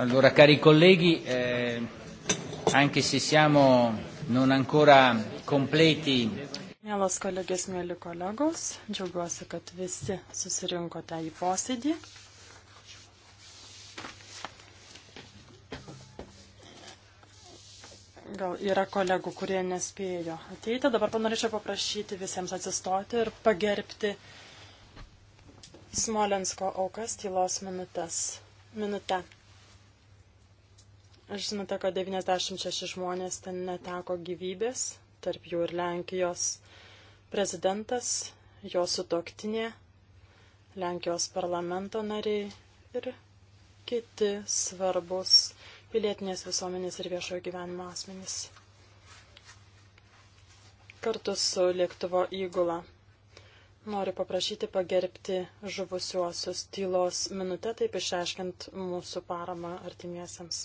Allora, cari colleghi, eh, anche se siamo non ancora completi. Mielos kolegės, mėly kolegos, džiaugiuosi, kad visi susirinkote į posėdį. Gal yra kolegų, kurie nespėjo ateiti. Dabar panorėčiau paprašyti visiems atsistoti ir pagerbti Smolensko aukas tylos minutės. Minutę. Žinote, kad 96 žmonės ten neteko gyvybės, tarp jų ir Lenkijos prezidentas, jo sutoktinė, Lenkijos parlamento nariai ir kiti svarbus pilietinės visuomenės ir viešojo gyvenimo asmenys. Kartu su lėktuvo įgula noriu paprašyti pagerbti žuvusiuosius tylos minutę, taip išreiškint mūsų paramą artimiesiams.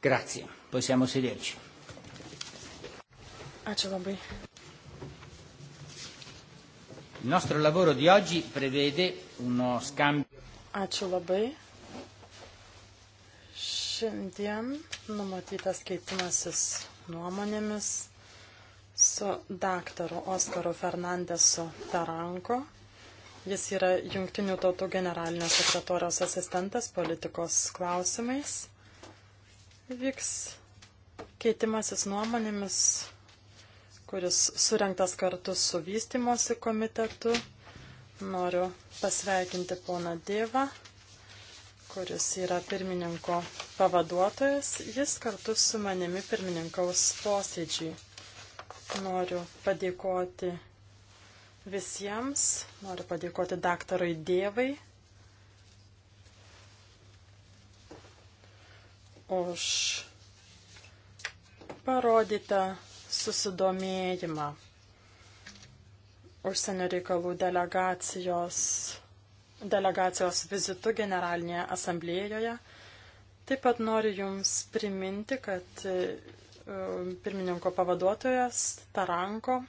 Grazie, possiamo sederci. Ačiū ah, labai. Il nostro lavoro di oggi prevede uno scambio. Ačiū labai. Šiandien numatytas keitimasis nuomonėmis su daktaru Oskaru Fernandesu Taranko. Jis yra Junktinių tautų generalinio sekretorijos asistentas politikos klausimais vyks keitimasis nuomonėmis, kuris surinktas kartu su vystimosi komitetu. Noriu pasveikinti poną Dievą, kuris yra pirmininko pavaduotojas. Jis kartu su manimi pirmininkaus posėdžiai. Noriu padėkoti visiems, noriu padėkoti daktarui Dievai už parodytą susidomėjimą užsienio reikalų delegacijos, delegacijos vizitu Generalinėje asamblėjoje. Taip pat noriu Jums priminti, kad e, pirmininko pavaduotojas Taranko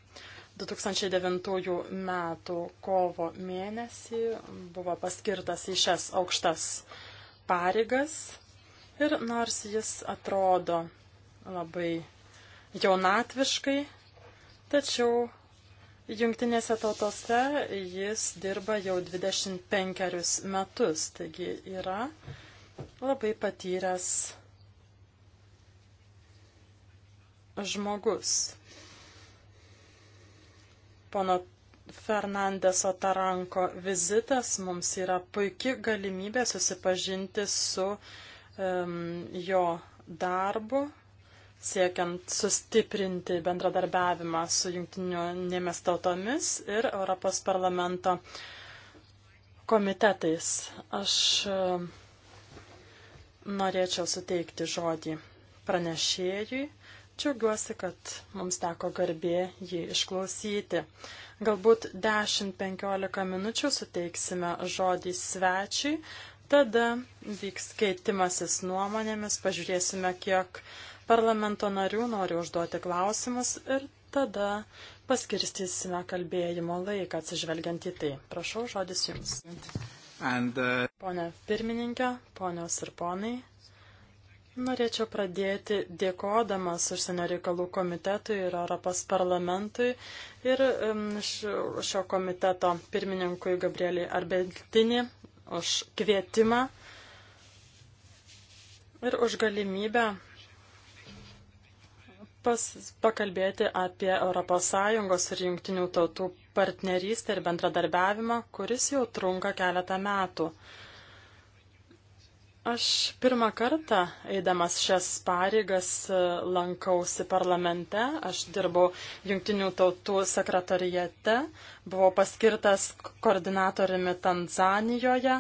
2009 metų kovo mėnesį buvo paskirtas į šias aukštas pareigas. Ir nors jis atrodo labai jaunatviškai, tačiau Jungtinėse tautose jis dirba jau 25 metus, taigi yra labai patyręs žmogus. Pono Fernandeso Taranko vizitas mums yra puikia galimybė susipažinti su uh, jo darbu, siekiant sustiprinti bendradarbiavimą su jungtinėmis tautomis ir Europos parlamento komitetais. Aš norėčiau suteikti žodį pranešėjui. Džiaugiuosi, kad mums teko garbė jį išklausyti. Galbūt 10-15 minučių suteiksime žodį svečiui, Tada vyks keitimasis nuomonėmis, pažiūrėsime, kiek parlamento narių nori užduoti klausimus ir tada paskirstysime kalbėjimo laiką atsižvelgiant į tai. Prašau, žodis Jums. And, uh... Pone pirmininkė, ponios ir ponai, Norėčiau pradėti dėkodamas užsienio reikalų komitetui ir Europos parlamentui ir um, šio komiteto pirmininkui Gabrieliai Arbentini už kvietimą ir už galimybę pas, pakalbėti apie ES ir jungtinių tautų partnerystę ir bendradarbiavimą, kuris jau trunka keletą metų. Aš pirmą kartą, eidamas šias pareigas, lankausi parlamente. Aš dirbau Junktinių tautų sekretarijate, buvau paskirtas koordinatoriumi Tanzanijoje.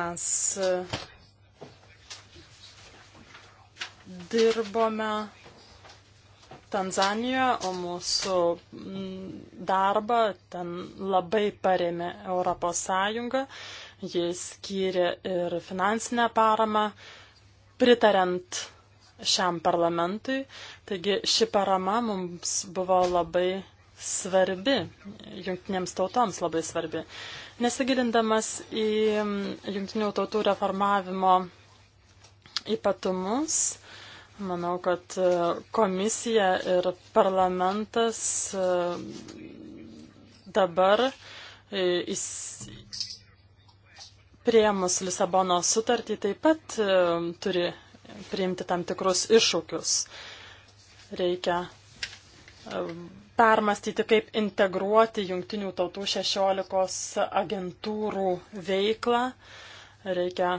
Mes e, dirbome Tanzanijoje, o mūsų mm, darbą ten labai paremė Europos Sąjunga. Jis skyrė ir finansinę paramą, pritarant šiam parlamentui. Taigi ši parama mums buvo labai svarbi, jungtinėms tautoms labai svarbi. Nesigilindamas į mm, jungtinių tautų reformavimo ypatumus, Manau, kad e, komisija ir parlamentas e, dabar e, prieimus Lisabono sutartį taip pat turi priimti tam tikrus iššūkius. Reikia permastyti, kaip integruoti jungtinių tautų 16 agentūrų veiklą. Reikia,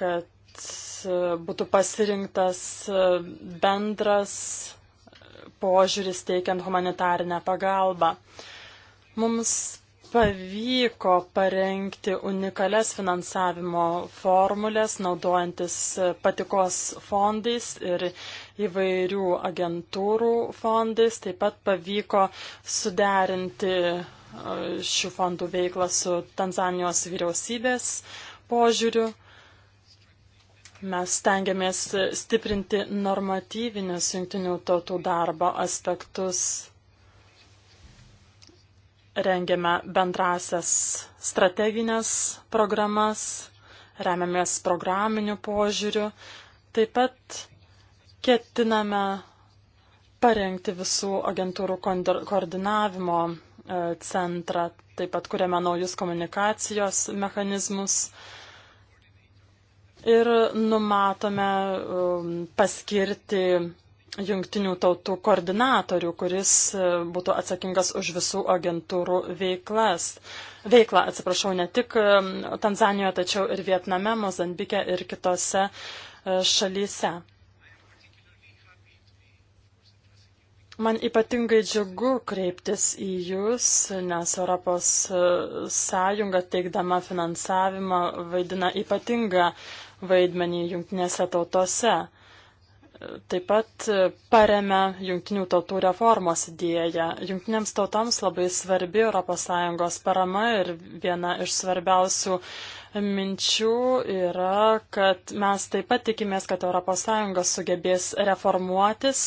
kad E, būtų pasirinktas e, bendras e, požiūris teikiant humanitarinę pagalbą. Mums pavyko parengti unikalias finansavimo formulės, naudojantis patikos fondais ir įvairių agentūrų fondais. Taip pat pavyko suderinti šių fondų veiklą su Tanzanijos vyriausybės požiūriu. Mes stengiamės stiprinti normatyvinius jungtinių tautų darbo aspektus, rengiame bendrasias strateginės programas, remiamės programiniu požiūriu, taip pat ketiname parengti visų agentūrų koordinavimo e, centrą, taip pat kuriame naujus komunikacijos mechanizmus ir numatome um, paskirti jungtinių tautų koordinatorių, kuris e, būtų atsakingas už visų agentūrų veiklas. Veikla, atsiprašau, ne tik um, Tanzanijoje, tačiau ir Vietname, Mozambike ir kitose e, šalyse. Man ypatingai džiugu kreiptis į Jūs, nes Europos e, Sąjunga teikdama finansavimą vaidina ypatingą uh, vaidmenį jungtinėse tautose. Taip pat paremia jungtinių tautų reformos idėją. Jungtinėms tautoms labai svarbi ES parama ir viena iš svarbiausių minčių yra, kad mes taip pat tikimės, kad ES sugebės reformuotis,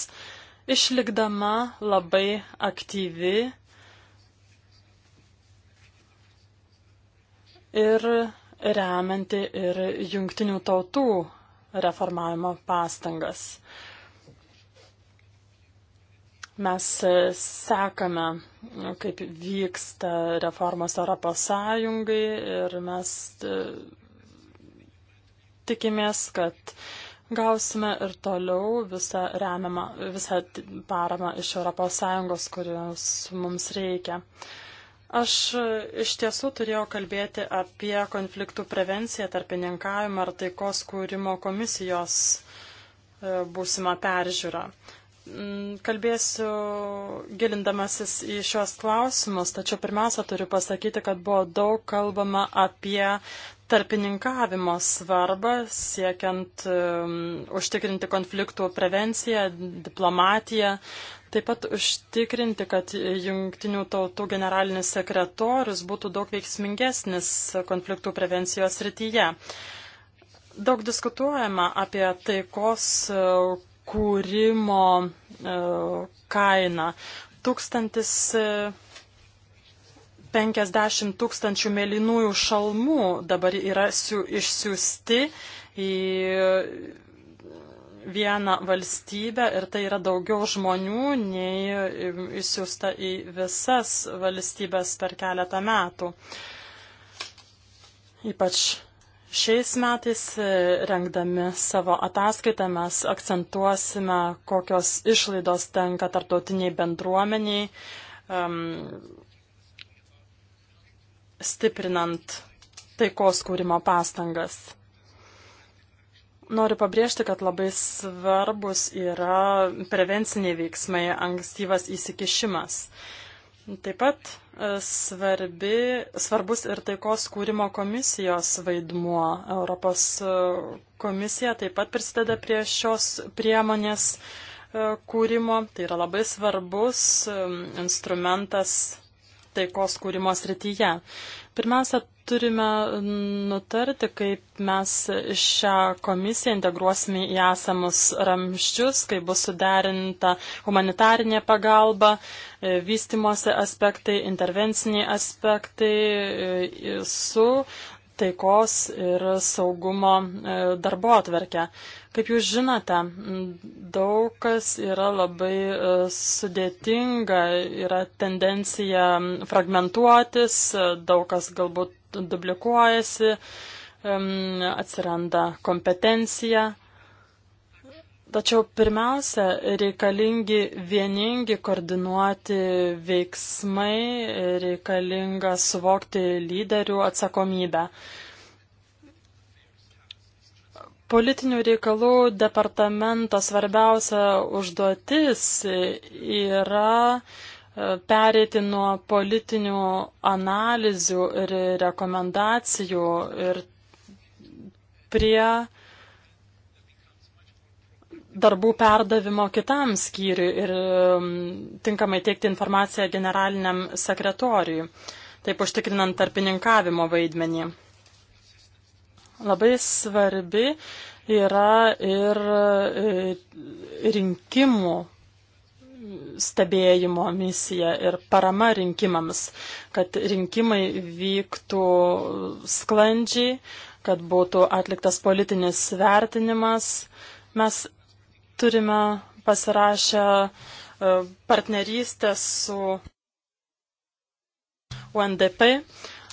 išlikdama labai aktyvi ir remianti ir jungtinių tautų reformavimo pastangas. Mes sekame, kaip vyksta reformos Europos Sąjungai ir mes e, tikimės, kad gausime ir toliau visą, remiamą, visą paramą iš Europos Sąjungos, kurios mums reikia. Uh, Aš e, iš tiesų turėjau kalbėti apie konfliktų prevenciją, tarpininkavimą ar taikos kūrimo komisijos e, būsimą peržiūrą. Mm, kalbėsiu gilindamasis į šios klausimus, tačiau pirmiausia turiu pasakyti, kad buvo daug kalbama apie tarpininkavimo svarbą siekiant um, užtikrinti konfliktų prevenciją, diplomatiją. Uh, Taip pat užtikrinti, kad jungtinių tautų generalinis sekretorius būtų daug veiksmingesnis konfliktų prevencijos rytyje. Daug diskutuojama apie taikos kūrimo e, kainą. 1050 e, tūkstančių mėlynųjų šalmų dabar yra išsiųsti į vieną valstybę ir tai yra daugiau žmonių nei įsiusta į visas valstybės per keletą metų. Ypač Šiais metais, rengdami savo ataskaitą, mes akcentuosime, kokios išlaidos tenka tarptautiniai bendruomeniai, um, stiprinant taikos kūrimo pastangas. Noriu pabrėžti, kad labai svarbus yra prevenciniai veiksmai, ankstyvas įsikišimas. Taip pat e, svarbi, svarbus ir taikos kūrimo komisijos vaidmuo. Europos e, komisija taip pat prisideda prie šios priemonės e, kūrimo. Tai yra labai svarbus instrumentas taikos kūrimo srityje. Pirmiausia, turime nutarti, kaip mes šią komisiją integruosime į esamus ramščius, kaip bus suderinta humanitarinė pagalba, e, vystimosi aspektai, intervenciniai aspektai e, su taikos ir saugumo e, darbo atverkę. Kaip jūs žinote, daug kas yra labai e, sudėtinga, yra tendencija fragmentuotis, e, daug kas galbūt duplikuojasi, atsiranda kompetencija. Tačiau pirmiausia, reikalingi vieningi koordinuoti veiksmai, reikalinga suvokti lyderių atsakomybę. Politinių reikalų departamento svarbiausia užduotis yra e, pereiti nuo politinių analizių ir rekomendacijų ir prie darbų perdavimo kitam skyriui ir tinkamai teikti informaciją generaliniam sekretoriui, taip užtikrinant tarpininkavimo vaidmenį. Labai svarbi yra ir e, rinkimų stebėjimo misija ir parama rinkimams, kad rinkimai vyktų sklandžiai, kad būtų atliktas politinis vertinimas. Mes turime pasirašę e, partnerystę su UNDP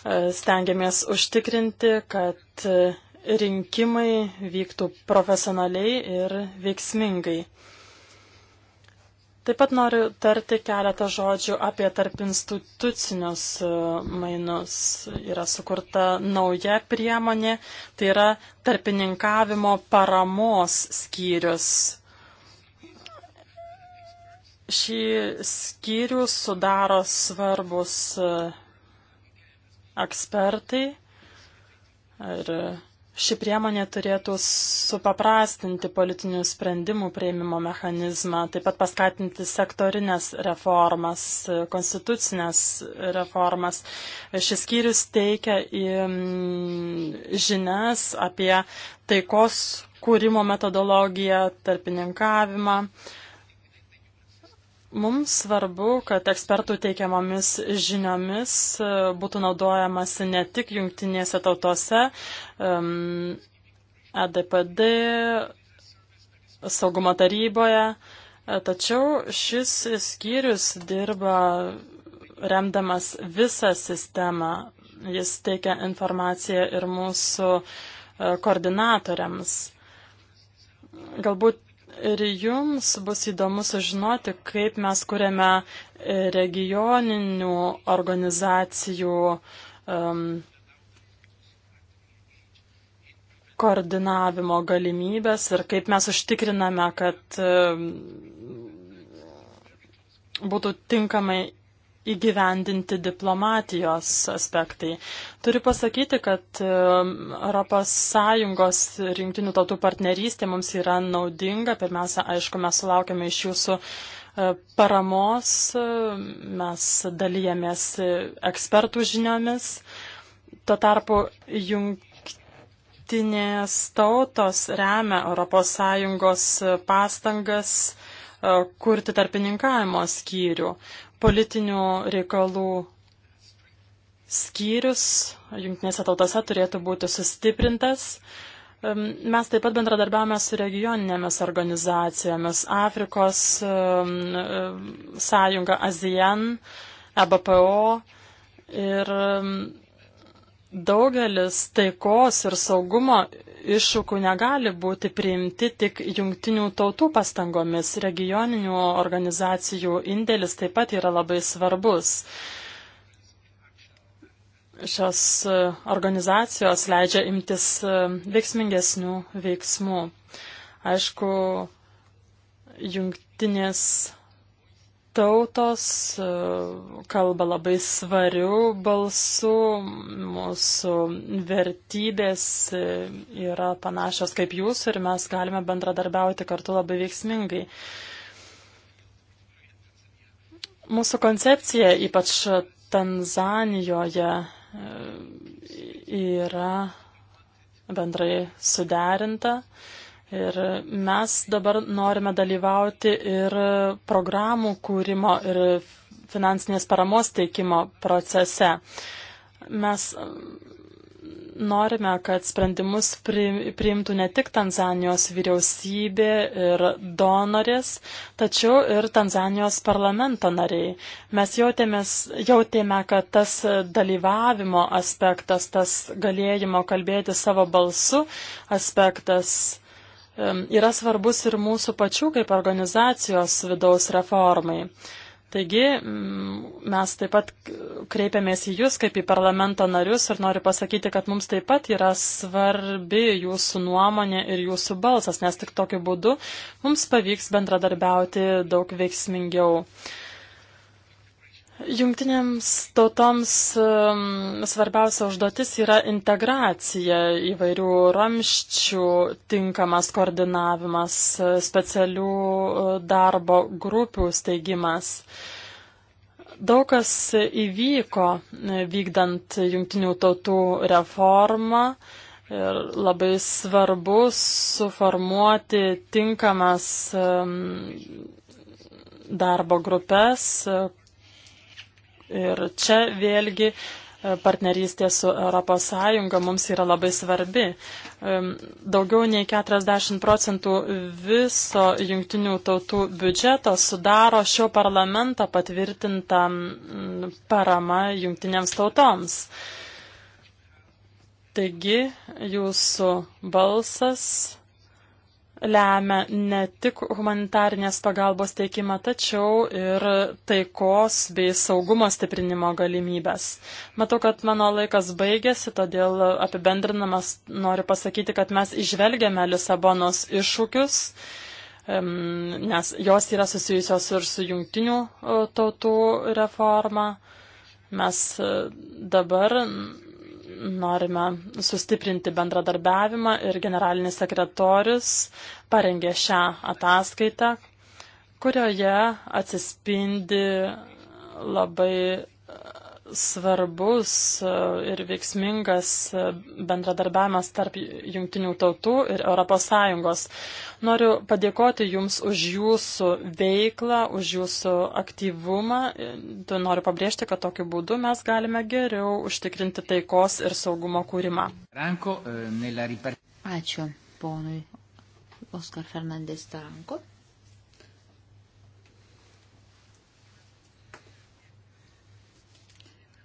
stengiamės užtikrinti, kad rinkimai vyktų profesionaliai ir veiksmingai. Taip pat noriu tarti keletą žodžių apie tarp institucinius e, mainus. Yra sukurta nauja priemonė, tai yra tarpininkavimo paramos skyrius. Šį skyrių sudaro svarbus e, ekspertai. Ir ši priemonė turėtų supaprastinti politinių sprendimų prieimimo mechanizmą, taip pat paskatinti sektorinės reformas, konstitucinės reformas. Šis skyrius teikia į mm, žinias apie taikos kūrimo metodologiją, tarpininkavimą. Uh, Mums svarbu, kad ekspertų teikiamomis žiniomis e, būtų naudojamasi ne tik jungtinėse tautose, um, ADPD, saugumo taryboje, e, tačiau šis skyrius dirba remdamas visą sistemą. Jis teikia informaciją ir mūsų e, koordinatoriams. Galbūt Ir jums bus įdomu sužinoti, kaip mes kuriame e, regioninių organizacijų um, koordinavimo galimybės ir kaip mes užtikriname, kad um, būtų tinkamai įgyvendinti diplomatijos aspektai. Turiu pasakyti, kad um, ES ir jungtinių tautų partnerystė mums yra naudinga. Pirmiausia, aišku, mes sulaukėme iš jūsų e, paramos, mes dalyjamės ekspertų žiniomis. Tuo tarpu jungtinės tautos remia ES pastangas e, kurti tarpininkavimo skyrių politinių reikalų skyrius jungtinėse tautose turėtų būti sustiprintas. Mes taip pat bendradarbiavame su regioninėmis organizacijomis - Afrikos sąjunga ASEAN, EBPO ir daugelis taikos ir saugumo iššūkų negali būti priimti tik jungtinių tautų pastangomis. Regioninių organizacijų indėlis taip pat yra labai svarbus. Šios e, organizacijos leidžia imtis e, veiksmingesnių veiksmų. Aišku, jungtinės tautos e, kalba labai svariu balsu, mūsų vertybės e, yra panašios kaip jūsų ir mes galime bendradarbiauti kartu labai veiksmingai. Mūsų koncepcija, ypač Tanzanijoje, e, yra bendrai suderinta. Ir mes dabar norime dalyvauti ir programų kūrimo ir finansinės paramos teikimo procese. Mes norime, kad sprendimus priimtų ne tik Tanzanijos vyriausybė ir donorės, tačiau ir Tanzanijos parlamento nariai. Mes jautėmės, jautėme, kad tas dalyvavimo aspektas, tas galėjimo kalbėti savo balsu aspektas yra svarbus ir mūsų pačių kaip organizacijos vidaus reformai. Taigi mm, mes taip pat kreipiamės į Jūs kaip į parlamento narius ir noriu pasakyti, kad mums taip pat yra svarbi Jūsų nuomonė ir Jūsų balsas, nes tik tokiu būdu mums pavyks bendradarbiauti daug veiksmingiau. Uh, Jungtinėms tautoms um, svarbiausia užduotis yra integracija įvairių ramščių, tinkamas koordinavimas, specialių uh, darbo grupių steigimas. Daug kas įvyko e, vykdant jungtinių tautų reformą ir labai svarbu suformuoti tinkamas um, darbo grupės, Ir čia vėlgi e, partnerystė su ES mums yra labai svarbi. Daugiau nei 40 procentų viso jungtinių tautų biudžeto sudaro šio parlamento patvirtinta parama jungtinėms tautoms. Taigi jūsų balsas lemia ne tik humanitarinės pagalbos teikimą, tačiau ir taikos bei saugumo stiprinimo galimybės. Matau, kad mano laikas baigėsi, todėl apibendrinamas noriu pasakyti, kad mes išvelgėme Lisabonos iššūkius, nes jos yra susijusios ir su jungtinių e, tautų reforma. Mes e, dabar norime sustiprinti bendradarbiavimą ir generalinis sekretorius parengė šią ataskaitą, kurioje atsispindi labai svarbus e, ir veiksmingas e, bendradarbiavimas tarp jungtinių tautų ir ES. Noriu padėkoti Jums už Jūsų veiklą, už Jūsų aktyvumą. E, noriu pabrėžti, kad tokiu būdu mes galime geriau užtikrinti taikos ir saugumo kūrimą. Ačiū ponui Oskar Fernandės Taranko.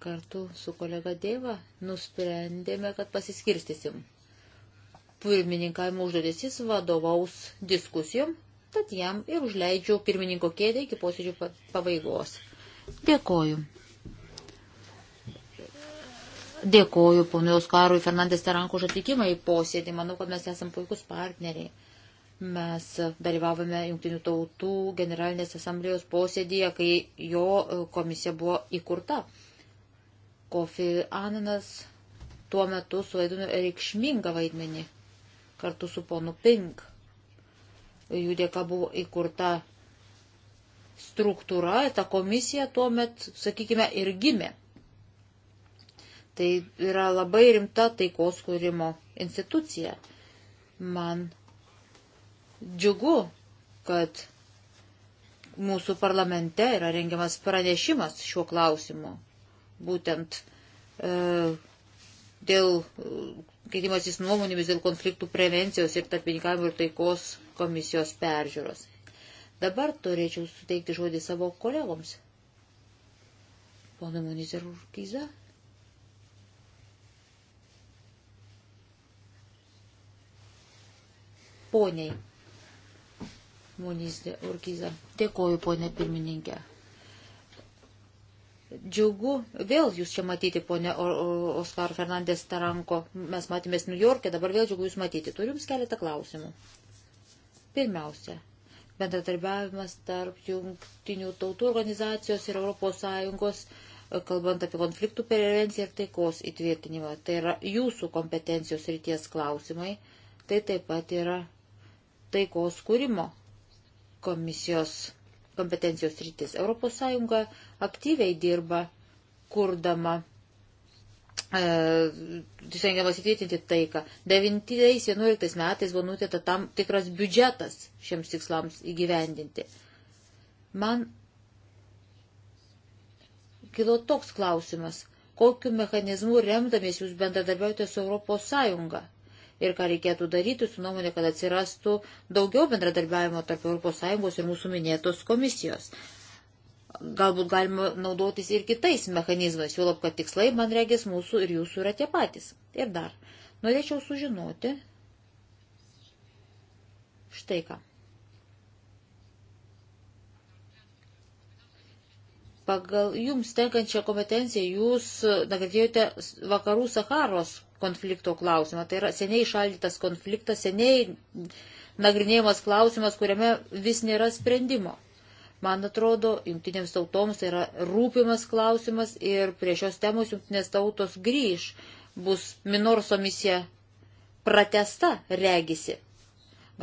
kartu su kolega Deiva nusprendėme, kad pasiskirstysim. Pirmininkavimo užduotis jis vadovaus diskusijom, tad jam ir užleidžiu pirmininko kėdę iki posėdžių pabaigos. Dėkoju. Dėkoju ponui Oskarui Fernandės Teranko už atvykimą į posėdį. Manau, kad mes esame puikus partneriai. Mes dalyvavome Junktinių tautų generalinės asamblėjos posėdėje, kai jo e, komisija buvo įkurta. Kofi Ananas tuo metu suvaidino reikšmingą vaidmenį kartu su ponu Pink. Jų dėka buvo įkurta struktūra, ta komisija tuo metu, sakykime, ir gimė. Tai yra labai rimta taikos kūrimo institucija. Man džiugu, kad mūsų parlamente yra rengiamas pranešimas šiuo klausimu būtent e, dėl e, keitimasis nuomonėmis dėl konfliktų prevencijos ir tarpininkavimo ir taikos komisijos peržiūros. Dabar turėčiau suteikti žodį savo kolegoms. Pana Munizer Urkiza. Poniai. Munizer Urkiza. Dėkoju, ponė pirmininkė. Džiugu, vėl jūs čia matyti, ponė Oskar Fernandės Taranko, mes matėmės New York'e, dabar vėl džiugu jūs matyti. Turiu jums keletą klausimų. Pirmiausia, bendradarbiavimas tarp jungtinių tautų organizacijos ir ES, kalbant apie konfliktų prevenciją ir taikos įtvirtinimą. Tai yra jūsų kompetencijos ryties klausimai, tai taip pat yra taikos kūrimo komisijos kompetencijos rytis. ES aktyviai dirba, kurdama, e, stengiamas įtvirtinti taiką. 9-11 metais buvo nutėta tam tikras biudžetas šiems tikslams įgyvendinti. Man kilo toks klausimas, kokiu mechanizmu remdamės jūs bendradarbiaujate su ES? ir ką reikėtų daryti, su nuomonė, kad atsirastų daugiau bendradarbiavimo tarp ES ir mūsų minėtos komisijos. Galbūt galima naudotis ir kitais mechanizmais, jau lab, kad tikslai, man regis, mūsų ir jūsų yra tie patys. Ir dar, norėčiau sužinoti štai ką. Pagal jums tenkančią kompetenciją jūs e, nagrinėjote vakarų Saharos konflikto klausimą. Tai yra seniai šaldytas konfliktas, seniai nagrinėjimas klausimas, kuriame vis nėra sprendimo. Man atrodo, jungtinėms tautoms tai yra rūpimas klausimas ir prie šios temos jungtinės tautos grįž. Bus Minorso misija pratesta, regisi.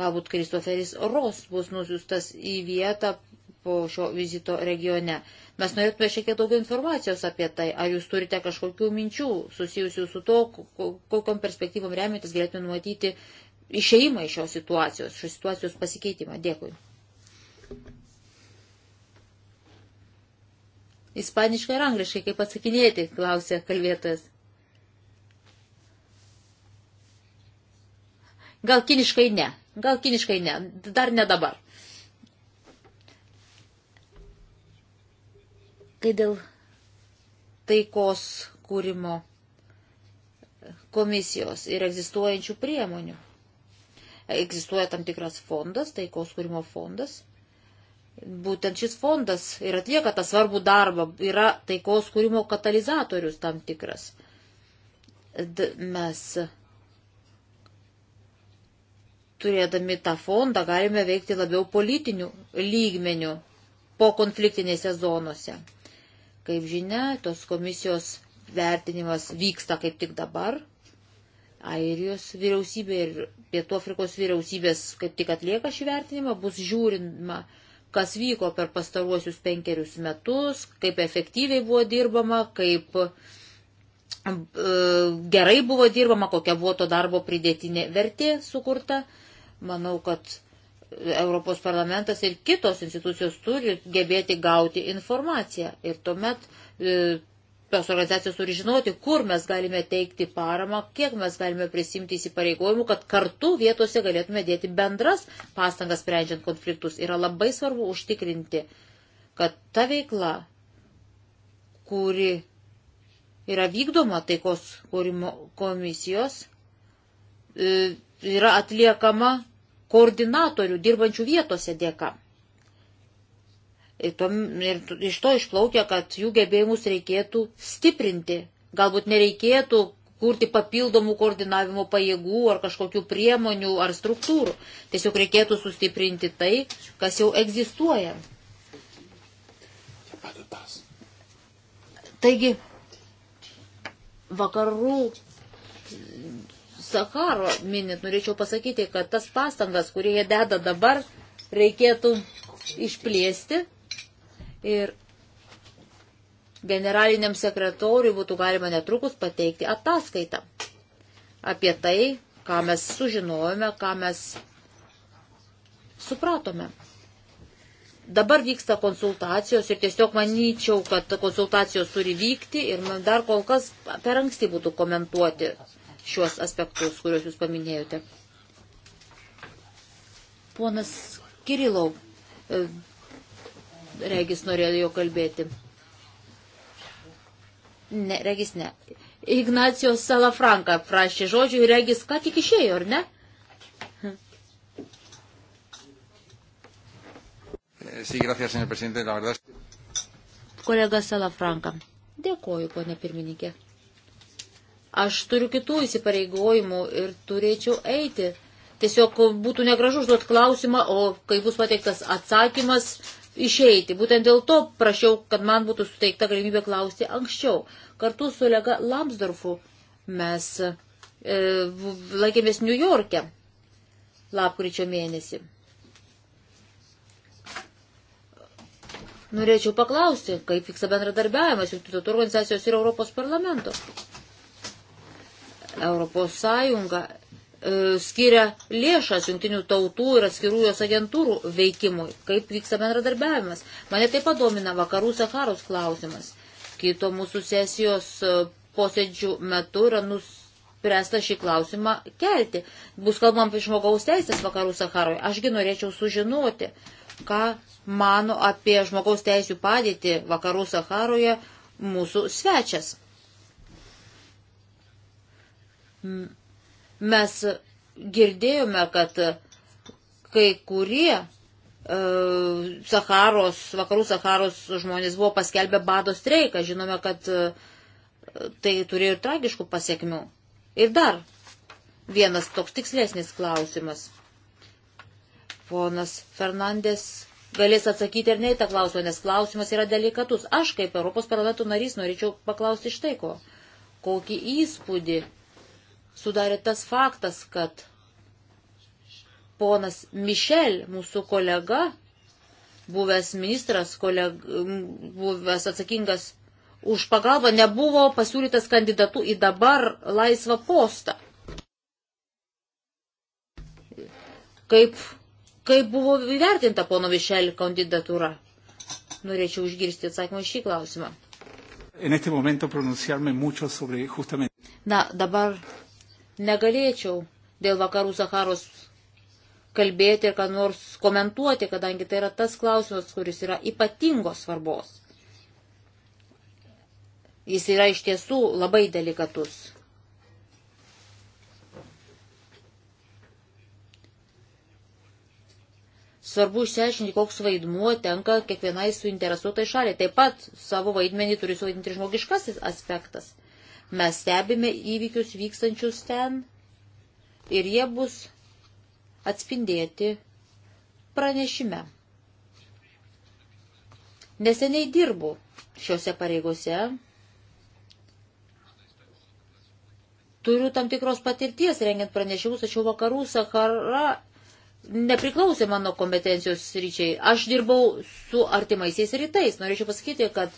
Galbūt Kristoferis Ros bus nusiustas į vietą po šio vizito regione. Mes norėtume šiek tiek daugiau informacijos apie tai. Ar jūs turite kažkokių minčių susijusių su to, kokiam perspektyvom remiantis galėtume numatyti išeimą iš šios situacijos, šios situacijos pasikeitimą. Dėkui. Ispaniškai ir angliškai, kaip atsakinėti, klausė kalbėtojas. Gal kiniškai ne, gal kiniškai ne, dar ne dabar. Kai dėl taikos kūrimo komisijos ir egzistuojančių priemonių. Egzistuoja tam tikras fondas, taikos kūrimo fondas. Būtent šis fondas ir atlieka tą svarbų darbą, yra taikos kūrimo katalizatorius tam tikras. D mes turėdami tą fondą galime veikti labiau politinių lygmenių po konfliktinėse zonose. Kaip žinia, tos komisijos vertinimas vyksta kaip tik dabar. Airijos vyriausybė ir Pietų Afrikos vyriausybės kaip tik atlieka šį vertinimą, bus žiūrima, kas vyko per pastaruosius penkerius metus, kaip efektyviai buvo dirbama, kaip e, gerai buvo dirbama, kokia buvo to darbo pridėtinė vertė sukurta. Manau, kad Europos parlamentas ir kitos institucijos turi gebėti gauti informaciją. Ir tuomet e, tos organizacijos turi žinoti, kur mes galime teikti paramą, kiek mes galime prisimti įsipareigojimų, kad kartu vietose galėtume dėti bendras pastangas sprendžiant konfliktus. Yra labai svarbu užtikrinti, kad ta veikla, kuri yra vykdoma taikos kūrimo komisijos, e, yra atliekama koordinatorių dirbančių vietose dėka. Ir, to, ir iš to išplaukia, kad jų gebėjimus reikėtų stiprinti. Galbūt nereikėtų kurti papildomų koordinavimo pajėgų ar kažkokių priemonių ar struktūrų. Tiesiog reikėtų sustiprinti tai, kas jau egzistuoja. Taigi, vakarų Sakaro minint, norėčiau pasakyti, kad tas pastangas, kurie jie deda dabar, reikėtų išplėsti ir generaliniam sekretoriui būtų galima netrukus pateikti ataskaitą apie tai, ką mes sužinojome, ką mes supratome. Dabar vyksta konsultacijos ir tiesiog manyčiau, kad konsultacijos turi vykti ir man dar kol kas per anksti būtų komentuoti šiuos aspektus, kuriuos jūs paminėjote. Ponas Kirilau, e, regis norėjo kalbėti. Ne, regis ne. Ignacijos Salafranka prašė žodžių ir regis, ką tik išėjo, ar ne? Sí, gracias, señor presidente. La verdad. Kolega Salafranka. Dėkoju, ponė pirmininkė. Aš turiu kitų įsipareigojimų ir turėčiau eiti. Tiesiog būtų negražu užduoti klausimą, o kai bus pateiktas atsakymas, išeiti. Būtent dėl to prašiau, kad man būtų suteikta galimybė klausti anksčiau. Kartu su Lega Lamsdorfu mes e, laikėmės New York'e lapkričio mėnesį. Norėčiau paklausti, kaip vyksta bendradarbiavimas jungtinių tautų organizacijos ir Europos parlamento. Europos Sąjunga e, skiria lėšas jungtinių tautų ir atskirų jos agentūrų veikimui, kaip vyksta bendradarbiavimas. Mane taip padomina vakarų Saharos klausimas. Kito mūsų sesijos e, posėdžių metu yra nuspręsta šį klausimą kelti. Bus kalbam apie žmogaus teisės vakarų Saharoje. Ašgi norėčiau sužinoti, ką mano apie žmogaus teisų padėtį vakarų Saharoje mūsų svečias. Mes girdėjome, kad kai kurie e, Saharos, vakarų Saharos žmonės buvo paskelbę bado streiką. Žinome, kad e, tai turėjo ir tragiškų pasiekmių. Ir dar vienas toks tikslesnis klausimas. Ponas Fernandės galės atsakyti ir ne į tą klausimą, nes klausimas yra delikatus. Aš kaip Europos parlamento narys norėčiau paklausti štai ko. Kokį įspūdį sudarė tas faktas, kad ponas Mišel, mūsų kolega, buvęs ministras, koleg, buvęs atsakingas už pagalbą, nebuvo pasiūlytas kandidatu į dabar laisvą postą. Kaip, kaip buvo įvertinta pono Mišel kandidatūra? Norėčiau užgirsti atsakymą šį klausimą. Na, dabar negalėčiau dėl vakarų Saharos kalbėti ir ką nors komentuoti, kadangi tai yra tas klausimas, kuris yra ypatingos svarbos. Jis yra iš tiesų labai delikatus. Svarbu išsiaiškinti, koks vaidmuo tenka kiekvienai suinteresuotai šaliai. Taip pat savo vaidmenį turi suvaidinti žmogiškasis aspektas – Mes stebime įvykius vykstančius ten ir jie bus atspindėti pranešime. Neseniai dirbu šiuose pareigose. Turiu tam tikros patirties rengiant pranešimus, tačiau vakarų Sakara nepriklausė mano kompetencijos ryčiai. Aš dirbau su artimaisiais rytais. Norėčiau pasakyti, kad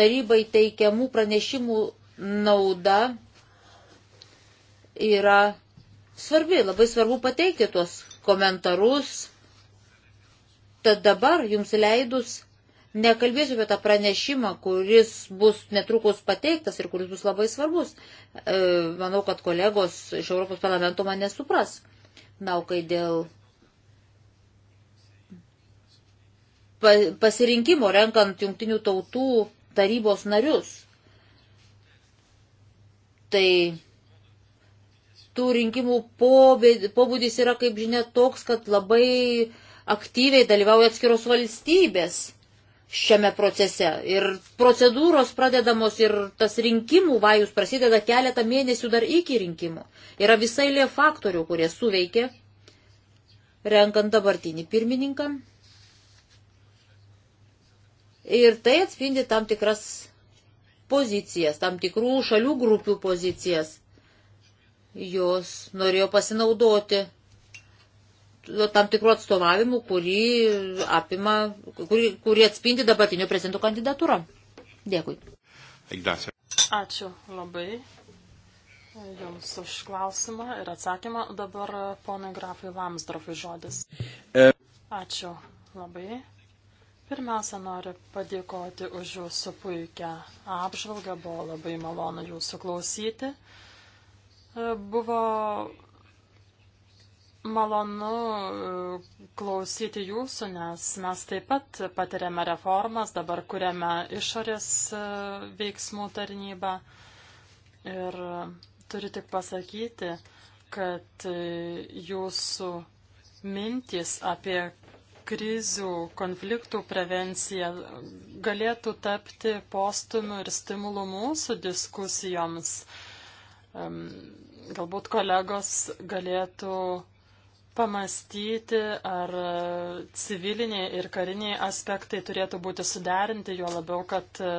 tarybai teikiamų pranešimų nauda yra svarbi, labai svarbu pateikti tuos komentarus. Tad dabar jums leidus nekalbėsiu apie tą pranešimą, kuris bus netrukus pateiktas ir kuris bus labai svarbus. E, manau, kad kolegos iš Europos parlamento mane supras. Na, o kai dėl pasirinkimo renkant jungtinių tautų tarybos narius tai tų rinkimų pobūdis yra, kaip žinia, toks, kad labai aktyviai dalyvauja atskiros valstybės šiame procese. Ir procedūros pradedamos ir tas rinkimų vajus prasideda keletą mėnesių dar iki rinkimų. Yra visai lė faktorių, kurie suveikia, renkant dabartinį pirmininką. Ir tai atspindi tam tikras pozicijas, tam tikrų šalių grupių pozicijas. Jos norėjo pasinaudoti tam tikrų atstovavimų, kurį apima, kurį, kurį atspindi dabartinio prezidento kandidatūrą. Dėkui. Ačiū labai Jums už klausimą ir atsakymą. Dabar ponai grafai Lamsdorfui žodis. E. Ačiū labai. Pirmiausia, noriu padėkoti už jūsų puikią apžvalgą, buvo labai malonu jūsų klausyti. E, buvo malonu e, klausyti jūsų, nes mes taip pat patiriame reformas, dabar kuriame išorės e, veiksmų tarnybą. Ir turiu tik pasakyti, kad jūsų mintys apie krizių, konfliktų prevencija galėtų tapti postumiu ir stimulu mūsų diskusijoms. Galbūt kolegos galėtų pamastyti, ar civiliniai ir kariniai aspektai turėtų būti suderinti, jo labiau, kad e,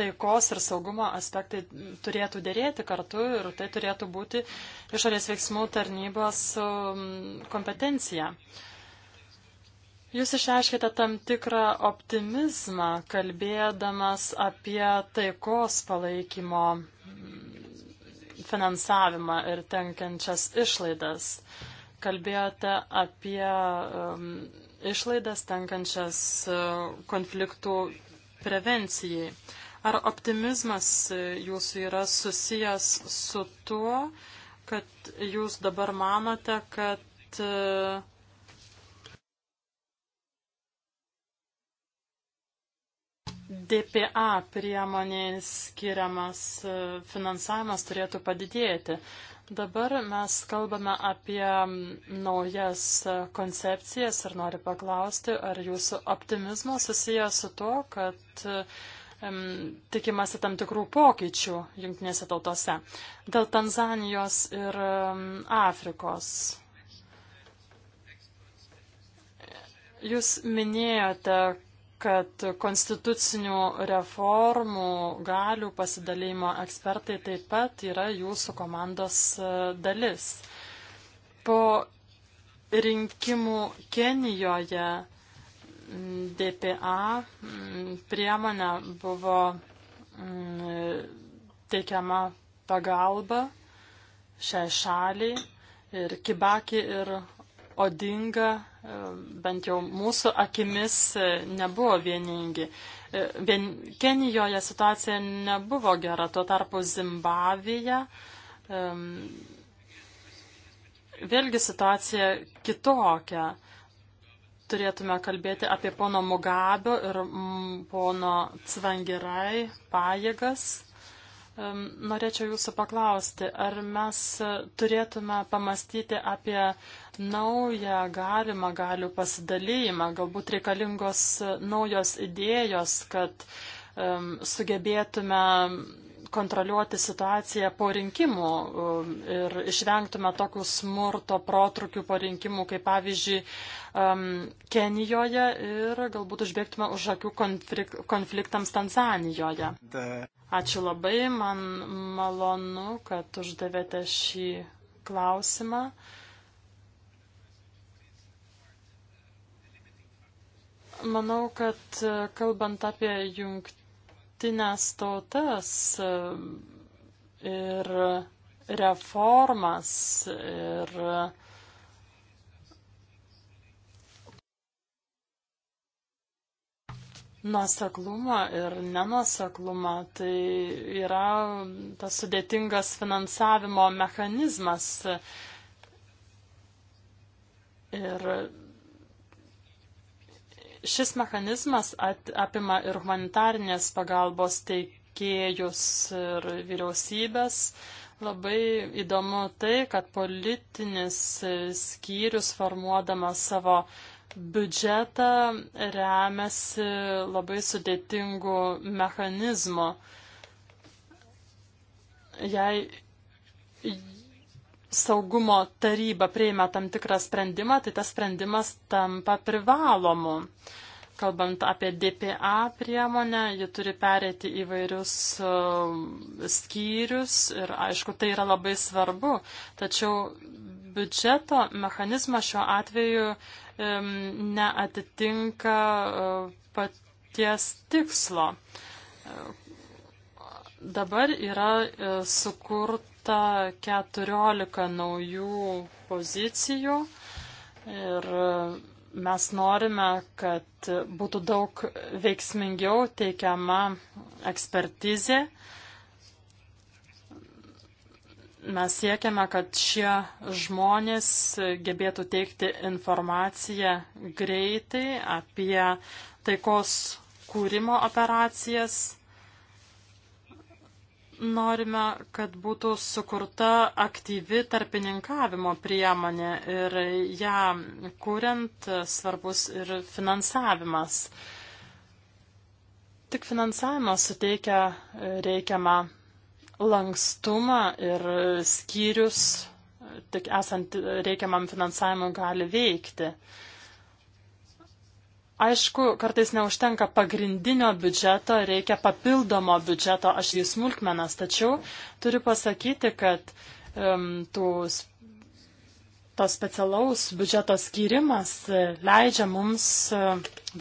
taikos ir saugumo aspektai turėtų dėrėti kartu ir tai turėtų būti išorės veiksmų tarnybos kompetencija. Um, Jūs išreiškite tam tikrą optimizmą, kalbėdamas apie taikos palaikymo finansavimą ir tenkiančias išlaidas. Kalbėjote apie um, išlaidas tenkančias uh, konfliktų prevencijai. Ar optimizmas uh, jūsų yra susijęs su tuo, kad jūs dabar manote, kad uh, DPA priemoniai skiriamas e, finansavimas turėtų padidėti. Dabar mes kalbame apie naujas e, koncepcijas ir noriu paklausti, ar jūsų optimizmas susijęs su to, kad um, tikimasi tam tikrų pokyčių jungtinėse tautose dėl Tanzanijos ir um, Afrikos. Jūs minėjote, kad konstitucinių reformų galių pasidalymo ekspertai taip pat yra jūsų komandos e, dalis. Po rinkimų Kenijoje DPA priemonė buvo teikiama pagalba šiai šaliai ir Kibaki ir Odinga E, bent jau mūsų akimis e, nebuvo vieningi. E, vien, Kenijoje situacija nebuvo gera, tuo tarpu Zimbabvėje um, vėlgi situacija kitokia. Turėtume kalbėti apie pono Mugabio ir pono Cvangirai pajėgas. Norėčiau jūsų paklausti, ar mes e, turėtume pamastyti apie naują galimą galių pasidalymą, galbūt reikalingos e, naujos idėjos, kad um, sugebėtume kontroliuoti situaciją po rinkimų um, ir išvengtume tokių smurto protrukių po rinkimų, kaip pavyzdžiui um, Kenijoje ir galbūt užbėgtume už akių konfliktams Tanzanijoje. Ačiū labai, man malonu, kad uždavėte šį klausimą. Manau, kad kalbant apie jungtį jungtinės tautas e, ir reformas ir nuoseklumą ir nenuoseklumą. Tai yra tas sudėtingas finansavimo mechanizmas. Ir Šis mechanizmas at, apima ir humanitarnės pagalbos teikėjus ir vyriausybės. Labai įdomu tai, kad politinis skyrius formuodamas savo biudžetą remiasi labai sudėtingų mechanizmų. Jei saugumo taryba prieima tam tikrą sprendimą, tai tas sprendimas tampa privalomu. Kalbant apie DPA priemonę, ji turi perėti įvairius um, skyrius ir aišku, tai yra labai svarbu, tačiau biudžeto mechanizmas šiuo atveju um, neatitinka uh, paties tikslo. Dabar yra uh, sukurt skirta 14 naujų pozicijų ir mes norime, kad būtų daug veiksmingiau teikiama ekspertizė. Mes siekiame, kad šie žmonės gebėtų teikti informaciją greitai apie taikos kūrimo operacijas Norime, kad būtų sukurta aktyvi tarpininkavimo priemonė ir ją kuriant svarbus ir finansavimas. Tik finansavimas suteikia reikiamą lankstumą ir skyrius, tik esant reikiamam finansavimui, gali veikti. Aišku, kartais neužtenka pagrindinio biudžeto, reikia papildomo biudžeto, aš į smulkmenas, tačiau turiu pasakyti, kad um, tų, to specialaus biudžeto skyrimas e, leidžia mums e,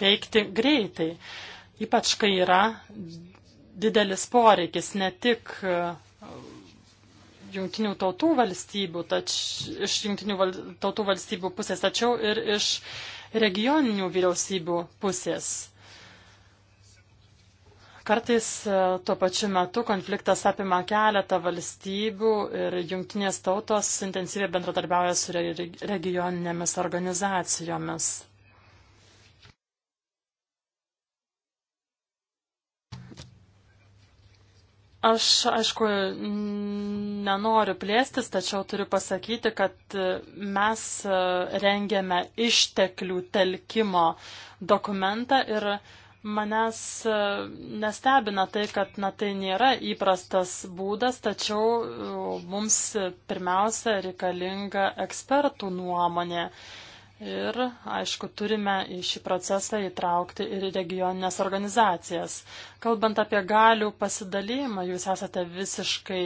veikti greitai, ypač kai yra didelis poreikis ne tik e, jungtinių tautų valstybių, tač, iš jungtinių val, tautų valstybių pusės, tačiau ir iš regioninių vyriausybių pusės. Kartais e, tuo pačiu metu konfliktas apima keletą valstybių ir jungtinės tautos intensyviai bendradarbiauja su regioninėmis organizacijomis. Aš, aišku, nenoriu plėstis, tačiau turiu pasakyti, kad e, mes e, rengėme išteklių telkimo dokumentą ir manęs e, nestebina tai, kad na, tai nėra įprastas būdas, tačiau mums pirmiausia reikalinga ekspertų nuomonė. Ir, aišku, turime į šį procesą įtraukti ir regioninės organizacijas. Kalbant apie galių pasidalymą, jūs esate visiškai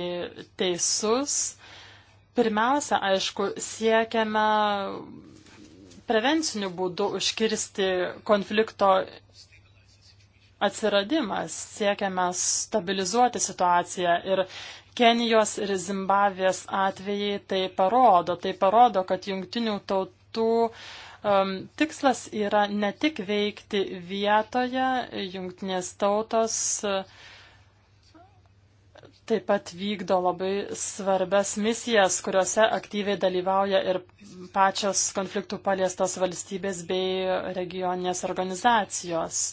teisus. Pirmiausia, aišku, siekiame prevencinių būdų užkirsti konflikto atsiradimas, siekiame stabilizuoti situaciją ir Kenijos ir Zimbabvės atvejai tai parodo. Tai parodo, kad jungtinių tautų kartu um, tikslas yra ne tik veikti vietoje, jungtinės tautos uh, taip pat vykdo labai svarbias misijas, kuriuose aktyviai dalyvauja ir pačios konfliktų paliestos valstybės bei regioninės organizacijos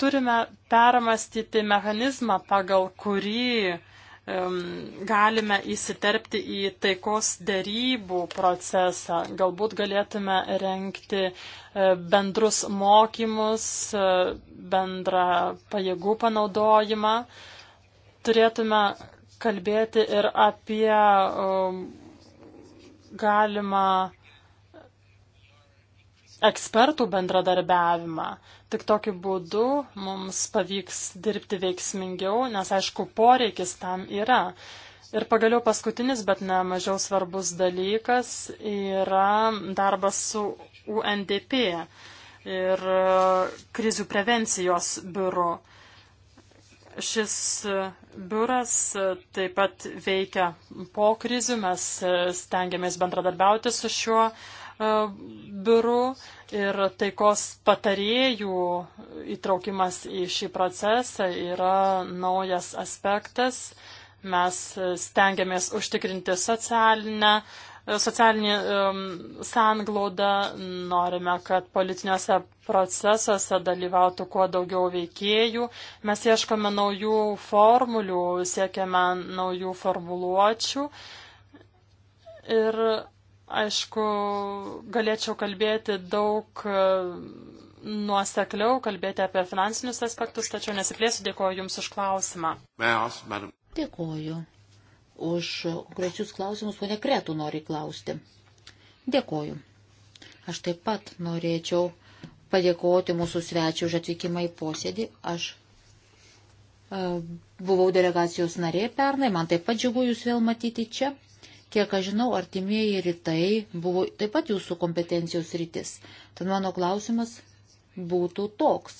turime permastyti mechanizmą, pagal kurį galime įsiterpti į taikos dėrybų procesą. Galbūt galėtume renkti e, bendrus mokymus, e, bendrą pajėgų panaudojimą. Turėtume kalbėti ir apie galimą ekspertų bendradarbiavimą. Tik tokiu būdu mums pavyks dirbti veiksmingiau, nes aišku, poreikis tam yra. Ir pagaliau paskutinis, bet ne mažiau svarbus dalykas yra darbas su UNDP ir e, krizių prevencijos biuru. Šis biuras e, taip pat veikia po krizių, mes e, stengiamės bendradarbiauti su šiuo uh, E, biuru ir taikos patarėjų įtraukimas į šį procesą yra naujas aspektas. Mes stengiamės užtikrinti socialinę socialinį um, sanglaudą, norime, kad politiniuose procesuose dalyvautų kuo daugiau veikėjų. Mes ieškome naujų formulių, siekiame naujų formuluočių. Ir Aišku, galėčiau kalbėti daug e, nuosekliau, kalbėti apie finansinius aspektus, tačiau nesiplėsiu. Dėkuoju Jums už klausimą. Dėkuoju už konkrečius klausimus. Pone Kretų nori klausti. Dėkuoju. Aš taip pat norėčiau padėkoti mūsų svečiu už atvykimą į posėdį. Aš e, buvau delegacijos narė pernai, man taip pat džiugu jūs vėl matyti čia. Kiek aš žinau, artimieji rytai buvo taip pat jūsų kompetencijos rytis. Tad mano klausimas būtų toks.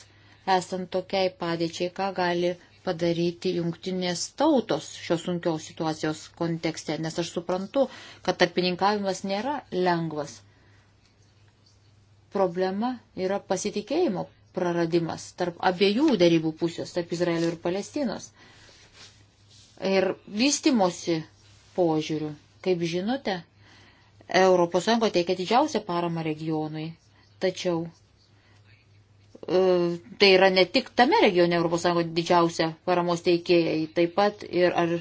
Esant tokiai padėčiai, ką gali padaryti jungtinės tautos šios sunkiaus situacijos kontekste, nes aš suprantu, kad tarpininkavimas nėra lengvas. Problema yra pasitikėjimo praradimas tarp abiejų darybų pusės, tarp Izraelio ir Palestinos. Ir vystimosi požiūrių. Kaip žinote, ES teikia didžiausią paramą regionui, tačiau e, tai yra ne tik tame regione ES didžiausia paramos teikėjai, taip pat ir, ar,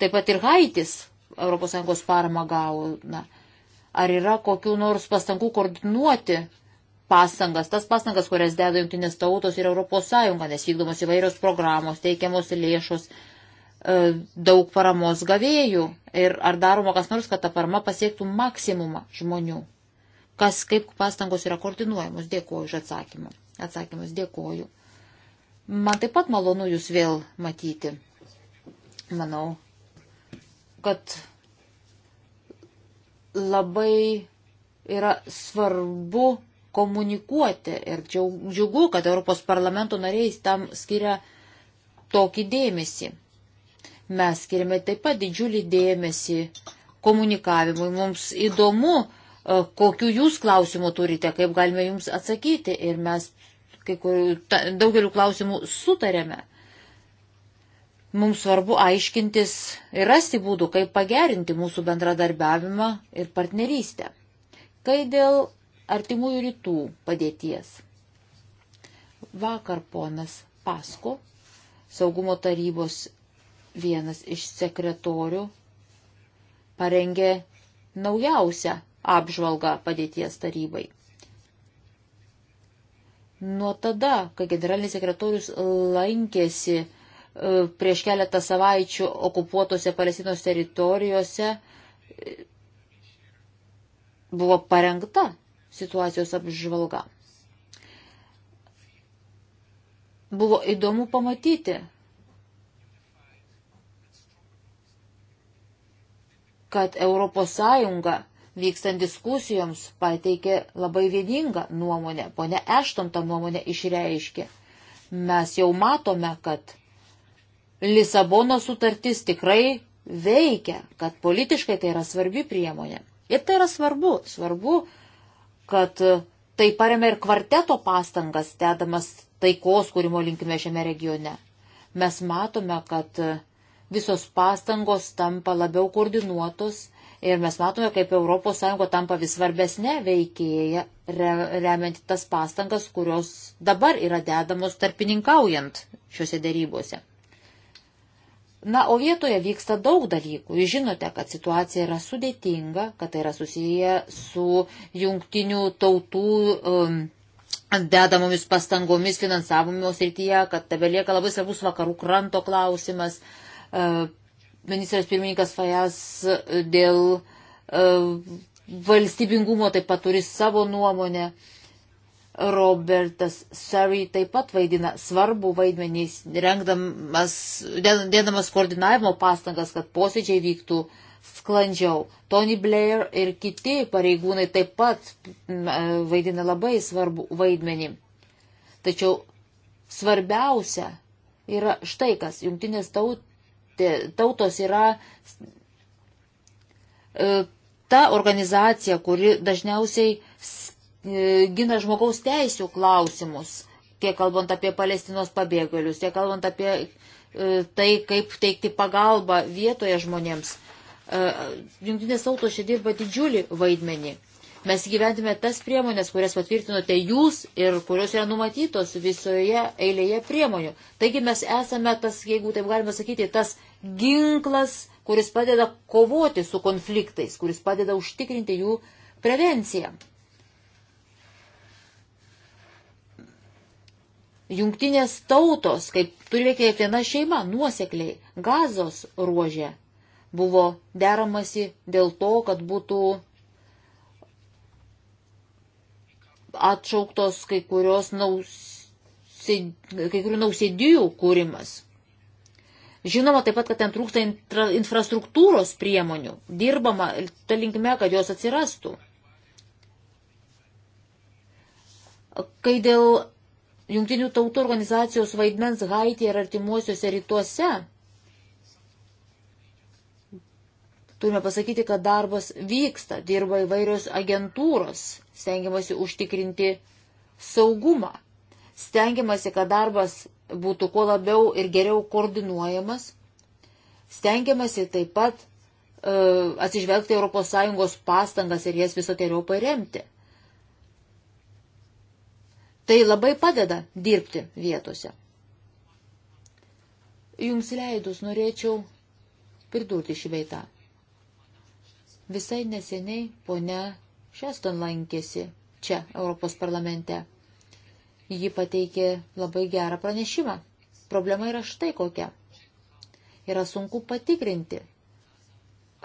taip pat ir Haitis ES paramą gauna. Ar yra kokių nors pastangų koordinuoti pastangas, tas pastangas, kurias deda jungtinės tautos ir ES, nes vykdomos įvairios programos, teikiamos lėšos, E, daug paramos gavėjų ir ar daroma kas nors, kad ta parama pasiektų maksimumą žmonių. Kas kaip pastangos yra koordinuojamos. Dėkuoju už atsakymą. Atsakymas dėkuoju. Man taip pat malonu jūs vėl matyti. Manau, kad labai yra svarbu komunikuoti ir džiaugu, kad Europos parlamento nariais tam skiria tokį dėmesį. Mes skiriame taip pat didžiulį dėmesį komunikavimui. Mums įdomu, e, kokiu jūs klausimu turite, kaip galime jums atsakyti. Ir mes kur, ta, daugeliu klausimų sutarėme. Mums svarbu aiškintis ir rasti būdų, kaip pagerinti mūsų bendradarbiavimą ir partnerystę. Kai dėl artimųjų rytų padėties. Vakar ponas Pasko, saugumo tarybos Vienas iš sekretorių parengė naujausią apžvalgą padėties tarybai. Nuo tada, kai generalinis sekretorius lankėsi e, prieš keletą savaičių okupuotose Palestinos teritorijose, e, buvo parengta situacijos apžvalga. Buvo įdomu pamatyti, kad ES vykstant diskusijoms pateikė labai vieningą nuomonę. Pone Ešton tą nuomonę išreiškė. Mes jau matome, kad Lisabono sutartis tikrai veikia, kad politiškai tai yra svarbi priemonė. Ir tai yra svarbu. Svarbu, kad tai paremė ir kvarteto pastangas, dedamas taikos kūrimo linkime šiame regione. Mes matome, kad visos pastangos tampa labiau koordinuotos ir mes matome, kaip ES tampa vis svarbesnė veikėja, remiant tas pastangas, kurios dabar yra dedamos tarpininkaujant šiuose dėrybose. Na, o vietoje vyksta daug dalykų. Jūs žinote, kad situacija yra sudėtinga, kad tai yra susiję su jungtinių tautų um, dedamomis pastangomis finansavimo srityje, kad tebe lieka labai svarbus vakarų kranto klausimas. Uh, E, ministras pirmininkas Fajas dėl e, valstybingumo taip pat turi savo nuomonę. Robertas Surrey taip pat vaidina svarbų vaidmenį, rengdamas, dėdamas koordinavimo pastangas, kad posėdžiai vyktų sklandžiau. Tony Blair ir kiti pareigūnai taip pat e, vaidina labai svarbų vaidmenį. Tačiau svarbiausia yra štai kas. Jungtinės taut, tautos yra e, ta organizacija, kuri dažniausiai e, gina žmogaus teisų klausimus, tiek kalbant apie Palestinos pabėgėlius, tiek kalbant apie e, tai, kaip teikti pagalbą vietoje žmonėms. Junktinės tautos čia dirba didžiulį vaidmenį mes gyventume tas priemonės, kurias patvirtinote jūs ir kurios yra numatytos visoje eilėje priemonių. Taigi mes esame tas, jeigu taip galima sakyti, tas ginklas, kuris padeda kovoti su konfliktais, kuris padeda užtikrinti jų prevenciją. Jungtinės tautos, kaip turi veikti kiekviena šeima, nuosekliai gazos ruožė buvo deramasi dėl to, kad būtų atšauktos kai kurios nausėd, kai kurių nausėdijų kūrimas. Žinoma taip pat, kad ten trūksta intra, infrastruktūros priemonių, dirbama ta linkme, kad jos atsirastų. Kai dėl jungtinių tautų organizacijos vaidmens Haitį ir artimuosiuose rytuose, Turime pasakyti, kad darbas vyksta, dirba įvairios agentūros, stengiamasi užtikrinti saugumą, stengiamasi, kad darbas būtų kuo labiau ir geriau koordinuojamas, stengiamasi taip pat e, atsižvelgti ES pastangas ir jas visokiojo paremti. Tai labai padeda dirbti vietose. Jums leidus norėčiau pridurti šį veitą. Visai neseniai ponia Šeston lankėsi čia, Europos parlamente. Ji pateikė labai gerą pranešimą. Problema yra štai kokia. Yra sunku patikrinti,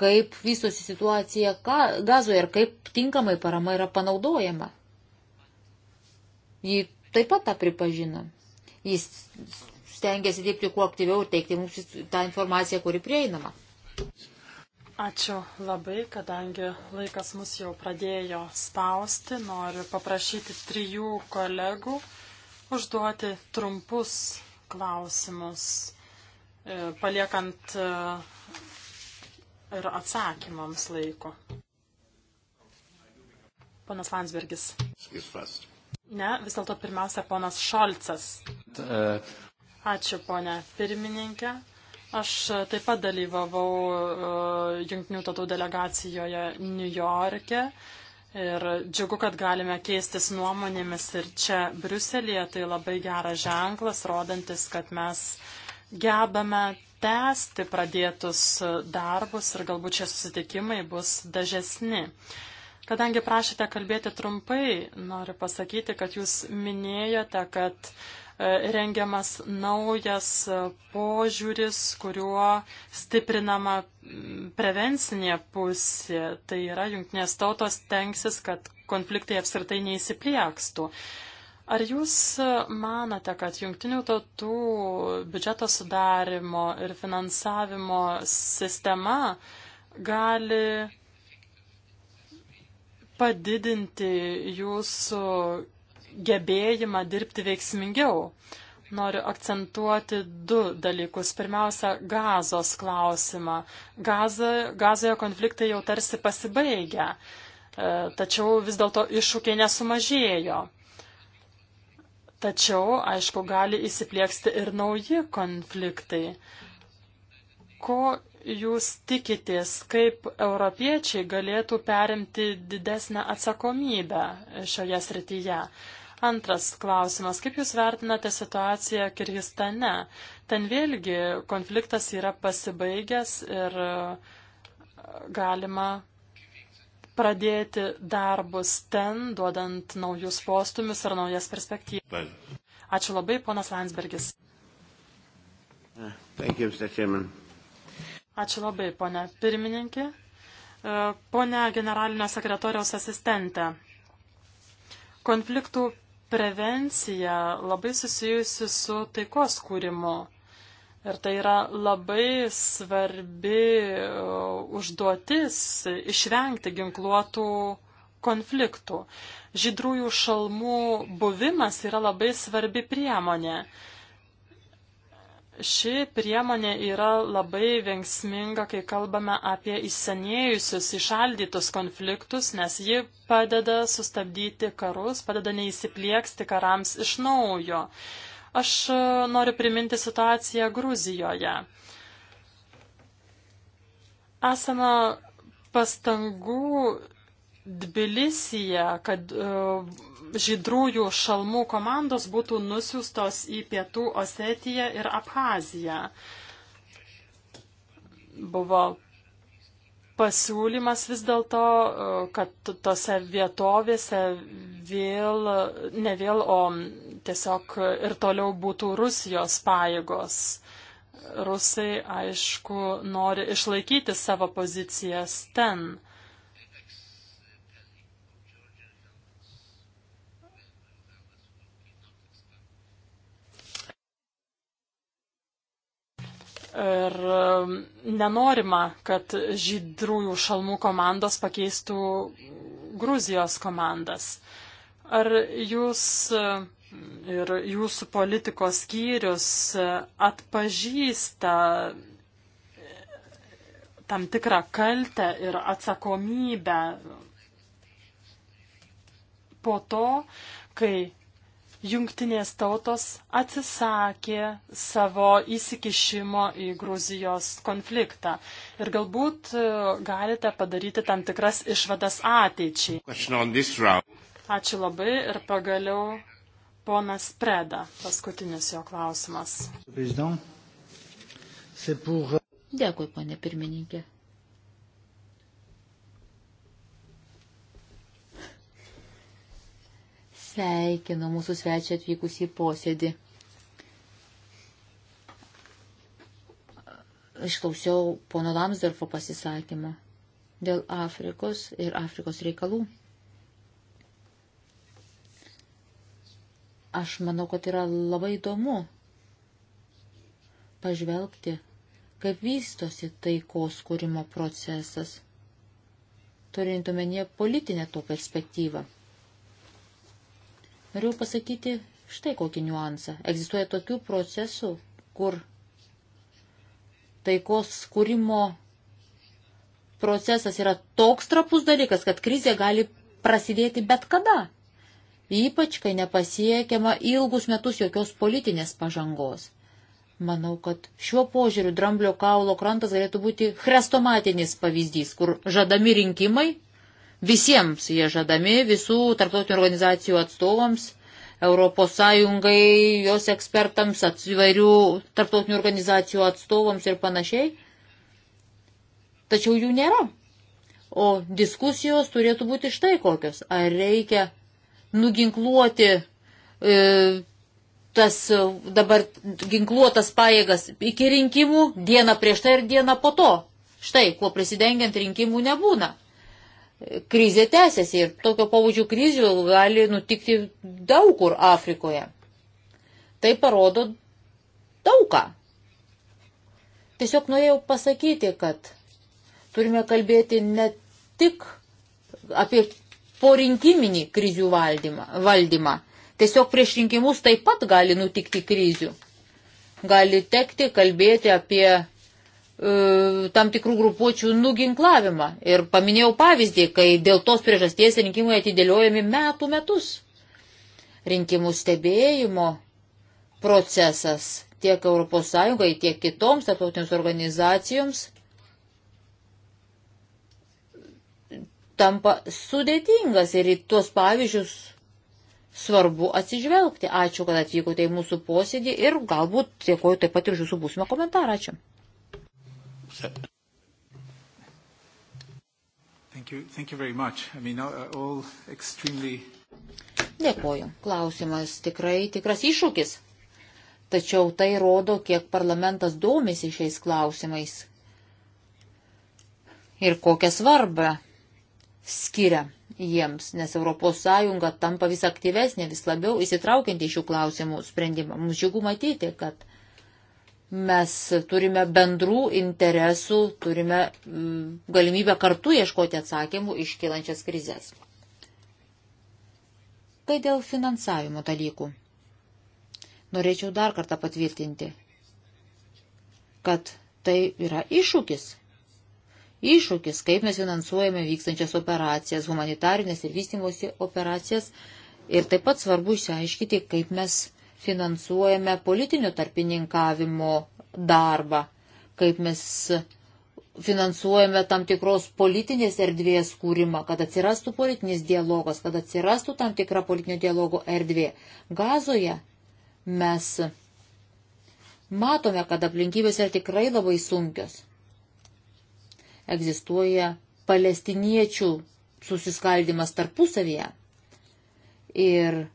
kaip vystosi situacija gazoje ir kaip tinkamai parama yra panaudojama. Ji taip pat tą pripažino. Jis stengiasi dirbti kuo aktyviau ir teikti mums tą informaciją, kuri prieinama. Ačiū labai, kadangi laikas mus jau pradėjo spausti, noriu paprašyti trijų kolegų užduoti trumpus klausimus, e, paliekant e, ir atsakymams laiko. Ponas Landsbergis. Ne, vis dėlto pirmiausia, ponas Šolcas. Uh, Ačiū, ponė pirmininkė. Aš taip pat dalyvavau e, Junktinių tautų delegacijoje New York'e ir džiugu, kad galime keistis nuomonėmis ir čia Bruselėje. Tai labai geras ženklas, rodantis, kad mes gebame tęsti pradėtus darbus ir galbūt šie susitikimai bus dažesni. Kadangi prašėte kalbėti trumpai, noriu pasakyti, kad jūs minėjote, kad uh, E, rengiamas naujas e, požiūris, kuriuo stiprinama prevencinė pusė. Tai yra, jungtinės tautos tenksis, kad konfliktai apskritai neįsipliekstų. Ar jūs e, manate, kad jungtinių tautų biudžeto sudarimo ir finansavimo sistema gali padidinti jūsų gebėjimą dirbti veiksmingiau. Noriu akcentuoti du dalykus. Pirmiausia, gazos klausimą. Gaza, gazoje konfliktai jau tarsi pasibaigė, e, tačiau vis dėlto iššūkiai nesumažėjo. Tačiau, aišku, gali įsiplėksti ir nauji konfliktai. Ko jūs tikitės, kaip europiečiai galėtų perimti didesnę atsakomybę šioje srityje? Antras klausimas. Kaip Jūs vertinate situaciją Kirgistane? Ten vėlgi konfliktas yra pasibaigęs ir e, galima pradėti darbus ten, duodant naujus postumius ar naujas perspektyvas. Ačiū labai, ponas Landsbergis. Ačiū labai, ponė pirmininkė. E, Pone generalinio sekretoriaus asistente, konfliktų prevencija labai susijusi su taikos kūrimu. Ir tai yra labai svarbi uh, užduotis išvengti ginkluotų konfliktų. Žydrųjų šalmų buvimas yra labai svarbi priemonė. Ši priemonė yra labai vengsminga, kai kalbame apie įsenėjusius, išaldytus konfliktus, nes ji padeda sustabdyti karus, padeda neįsiplieksti karams iš naujo. Aš e, noriu priminti situaciją Gruzijoje. Esame pastangų Dbilisyje, kad uh, žydrųjų šalmų komandos būtų nusiųstos į pietų Osetiją ir Abhaziją. Buvo pasiūlymas vis dėlto, e, kad tose vietovėse vėl, ne vėl, o tiesiog ir toliau būtų Rusijos pajėgos. Rusai, aišku, nori išlaikyti savo pozicijas ten. Ir um, nenorima, kad žydrųjų šalmų komandos pakeistų Gruzijos komandas. Ar jūs um, ir jūsų politikos skyrius uh, atpažįsta uh, tam tikrą kaltę ir atsakomybę po to, kai jungtinės tautos atsisakė savo įsikišimo į Gruzijos konfliktą. Ir galbūt e, galite padaryti tam tikras išvadas ateičiai. Ačiū labai ir pagaliau ponas Preda, paskutinis jo klausimas. Dėkui, ponė pirmininkė. sveikinu mūsų svečią atvykus į posėdį. Išklausiau pono Lamsdorfo pasisakymą dėl Afrikos ir Afrikos reikalų. Aš manau, kad yra labai įdomu pažvelgti, kaip vystosi taikos kūrimo procesas, turint omenyje politinę to perspektyvą. Noriu pasakyti štai kokį niuansą. Egzistuoja tokių procesų, kur taikos skūrimo procesas yra toks trapus dalykas, kad krizė gali prasidėti bet kada, ypač kai nepasiekiama ilgus metus jokios politinės pažangos. Manau, kad šiuo požiūriu dramblio kaulo krantas galėtų būti chrestomatinis pavyzdys, kur žadami rinkimai Visiems jie žadami, visų tarptautinių organizacijų atstovams, Europos Sąjungai, jos ekspertams, įvairių tarptautinių organizacijų atstovams ir panašiai. Tačiau jų nėra. O diskusijos turėtų būti štai kokios. Ar reikia nuginkluoti e, tas dabar ginkluotas pajėgas iki rinkimų, dieną prieš tai ir dieną po to. Štai, kuo prisidengiant rinkimų nebūna krizė tęsiasi ir tokio pavudžių krizių gali nutikti daug kur Afrikoje. Tai parodo daugą. Tiesiog norėjau pasakyti, kad turime kalbėti ne tik apie porinkiminį krizių valdymą, valdymą. Tiesiog prieš rinkimus taip pat gali nutikti krizių. Gali tekti kalbėti apie E, tam tikrų grupuočių nuginklavimą. Ir paminėjau pavyzdį, kai dėl tos priežasties rinkimai atidėliojami metų metus. Rinkimų stebėjimo procesas tiek ES, tiek kitoms tarptautinėms organizacijoms tampa sudėtingas ir į tuos pavyzdžius svarbu atsižvelgti. Ačiū, kad atvykote į mūsų posėdį ir galbūt dėkoju taip pat ir už jūsų būsimą komentarą. Ačiū. Thank you, thank you very much. I mean, uh, all extremely... Dėkoju. Klausimas tikrai tikras iššūkis. Tačiau tai rodo, kiek parlamentas domisi šiais klausimais ir kokią svarbą skiria jiems, nes ES tampa vis aktyvesnė, vis labiau įsitraukianti šių klausimų sprendimą. Mums džiugu matyti, kad Mes turime bendrų interesų, turime mm, galimybę kartu ieškoti atsakymų iškylančias krizės. Kai dėl finansavimo dalykų. Norėčiau dar kartą patvirtinti, kad tai yra iššūkis. Iššūkis, kaip mes finansuojame vykstančias operacijas, humanitarinės ir vystimosi operacijas. Ir taip pat svarbu išsiaiškyti, kaip mes finansuojame politinio tarpininkavimo darbą, kaip mes finansuojame tam tikros politinės erdvės kūrimą, kad atsirastų politinis dialogas, kad atsirastų tam tikra politinio dialogo erdvė. Gazoje mes matome, kad aplinkybės yra tikrai labai sunkios. Egzistuoja palestiniečių susiskaldimas tarpusavyje. Ir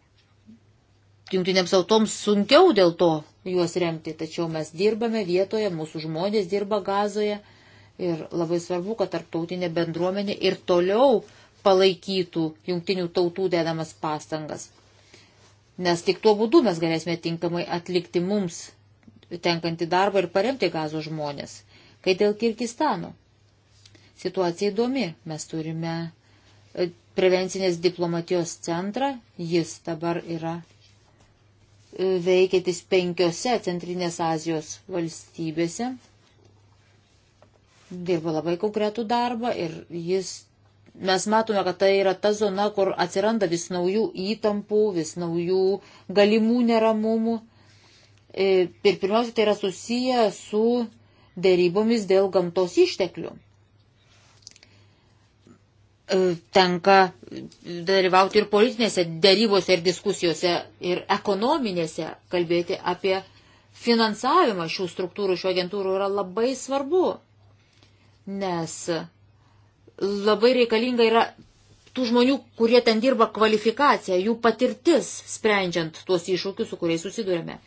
jungtinėms tautoms sunkiau dėl to juos remti, tačiau mes dirbame vietoje, mūsų žmonės dirba gazoje ir labai svarbu, kad tarptautinė bendruomenė ir toliau palaikytų jungtinių tautų dedamas pastangas. Nes tik tuo būdu mes galėsime tinkamai atlikti mums tenkantį darbą ir paremti gazo žmonės. Kai dėl Kirgistano. Situacija įdomi. Mes turime e, prevencinės diplomatijos centrą, jis dabar yra veikiantis penkiose Centrinės Azijos valstybėse. Dirba labai konkretų darbą ir jis, mes matome, kad tai yra ta zona, kur atsiranda vis naujų įtampų, vis naujų galimų neramumų. E, ir pirmiausia, tai yra susiję su dėrybomis dėl gamtos išteklių tenka dalyvauti ir politinėse darybose ir diskusijose ir ekonominėse, kalbėti apie finansavimą šių struktūrų, šių agentūrų yra labai svarbu, nes labai reikalinga yra tų žmonių, kurie ten dirba kvalifikacija, jų patirtis sprendžiant tuos iššūkius, su kuriais susidurėme.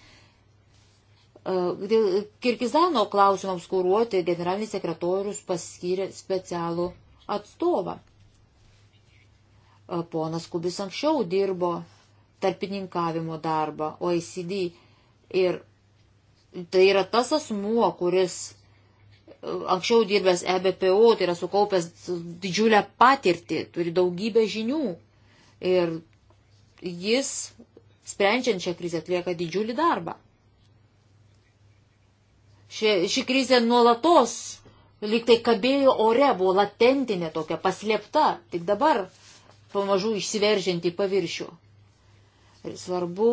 E, Kirgizano klausimams kūruoti generalinis sekretorius paskyrė specialų atstovą. Ponas Kubis anksčiau dirbo tarpininkavimo darbą OECD ir tai yra tas asmuo, kuris e, anksčiau dirbęs EBPO, tai yra sukaupęs didžiulę patirtį, turi daugybę žinių ir jis, sprendžiant šią krizę, atlieka didžiulį darbą. Ši, ši krizė nuolatos liktai kabėjo ore, buvo latentinė tokia, paslėpta, tik dabar pamažu išsiveržianti į paviršių. Ir svarbu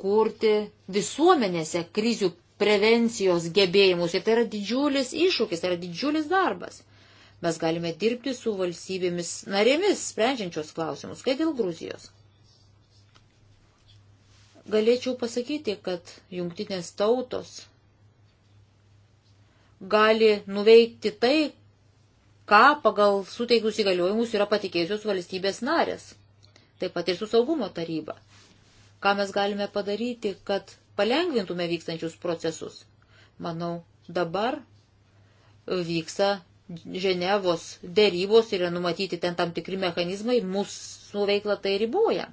kurti visuomenėse krizių prevencijos gebėjimus. Ir tai yra didžiulis iššūkis, tai yra didžiulis darbas. Mes galime dirbti su valstybėmis narėmis, sprendžiančios klausimus, kai dėl Gruzijos. Galėčiau pasakyti, kad jungtinės tautos gali nuveikti tai, ką pagal suteikus įgaliojimus yra patikėjusios valstybės narės, taip pat ir su saugumo taryba. Ką mes galime padaryti, kad palengvintume vykstančius procesus? Manau, dabar vyksta Ženevos dėrybos ir yra numatyti ten tam tikri mechanizmai, mūsų veikla tai riboja.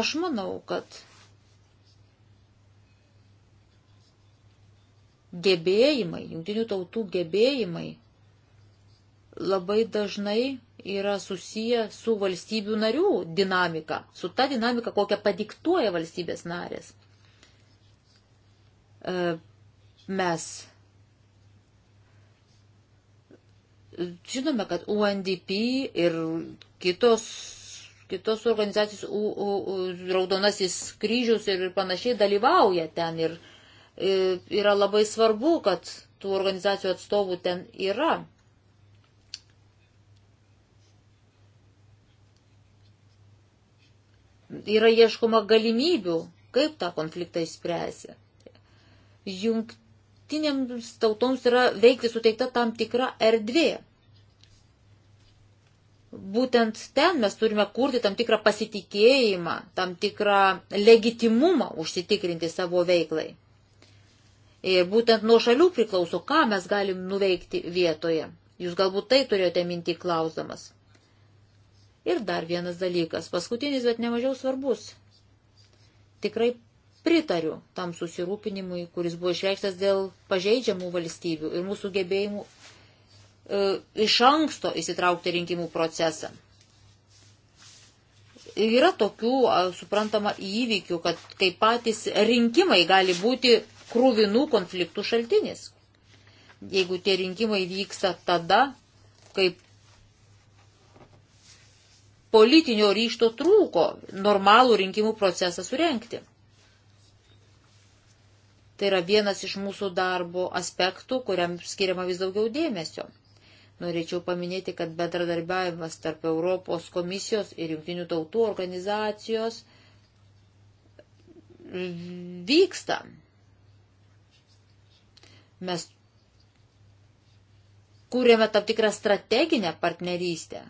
Aš manau, kad gebėjimai, jungtinių tautų gebėjimai labai dažnai yra susiję su valstybių narių dinamika, su ta dinamika, kokią padiktuoja valstybės narės. E, mes žinome, kad UNDP ir kitos, kitos organizacijos, U, U, U, Raudonasis kryžius ir panašiai dalyvauja ten ir uh, yra labai svarbu, kad tų organizacijų atstovų ten yra. Yra ieškoma galimybių, kaip tą konfliktą įspręsi. Jungtinėms tautoms yra veikti suteikta tam tikra erdvė. Būtent ten mes turime kurti tam tikrą pasitikėjimą, tam tikrą legitimumą užsitikrinti savo veiklai. Ir e, būtent nuo šalių priklauso, ką mes galim nuveikti vietoje. Jūs galbūt tai turėjote minti klausdamas. Ir dar vienas dalykas, paskutinis, bet nemažiau svarbus. Tikrai pritariu tam susirūpinimui, kuris buvo išreikštas dėl pažeidžiamų valstybių ir mūsų gebėjimų e, iš anksto įsitraukti rinkimų procesą. Yra tokių, suprantama, įvykių, kad kaip patys rinkimai gali būti krūvinų konfliktų šaltinis. Jeigu tie rinkimai vyksta tada, kaip politinio ryšto trūko normalų rinkimų procesą surenkti. Tai yra vienas iš mūsų darbo aspektų, kuriam skiriama vis daugiau dėmesio. Norėčiau paminėti, kad bendradarbiavimas tarp Europos komisijos ir jungtinių tautų organizacijos vyksta. Mes kūrėme tam tikrą strateginę partnerystę.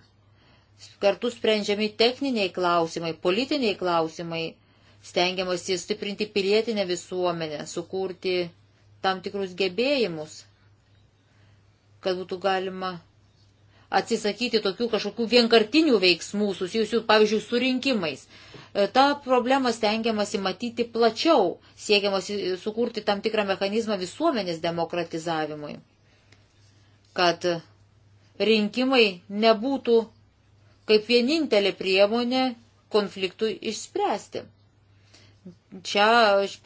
Kartu sprendžiami techniniai klausimai, politiniai klausimai, stengiamasi stiprinti pilietinę visuomenę, sukurti tam tikrus gebėjimus, kad būtų galima atsisakyti tokių kažkokių vienkartinių veiksmų susijusių, pavyzdžiui, su rinkimais. E, ta problema stengiamasi matyti plačiau, siekiamasi sukurti tam tikrą mechanizmą visuomenės demokratizavimui, kad rinkimai nebūtų kaip vienintelė priemonė konfliktui išspręsti. Čia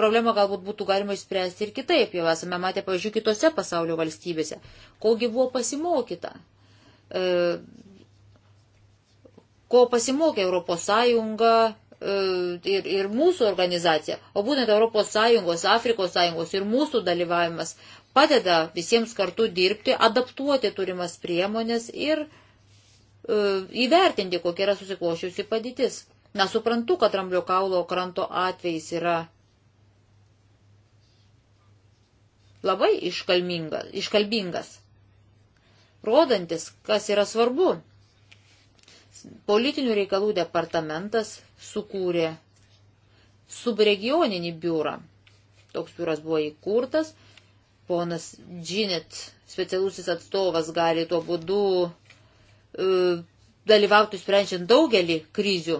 problemą galbūt būtų galima išspręsti ir kitaip, jau esame matę, pavyzdžiui, kitose pasaulio valstybėse, kogi buvo pasimokyta E, ko pasimokė Europos Sąjunga e, ir, ir mūsų organizacija, o būtent Europos Sąjungos, Afrikos Sąjungos ir mūsų dalyvavimas padeda visiems kartu dirbti, adaptuoti turimas priemonės ir e, įvertinti, kokia yra susiklošiusi padėtis. Na, suprantu, kad Ramblio kaulo kranto atvejs yra labai iškalbingas rodantis, kas yra svarbu. Politinių reikalų departamentas sukūrė subregioninį biurą. Toks biuras buvo įkurtas. Ponas Džinet, specialusis atstovas, gali tuo būdu e, dalyvauti sprendžiant daugelį krizių.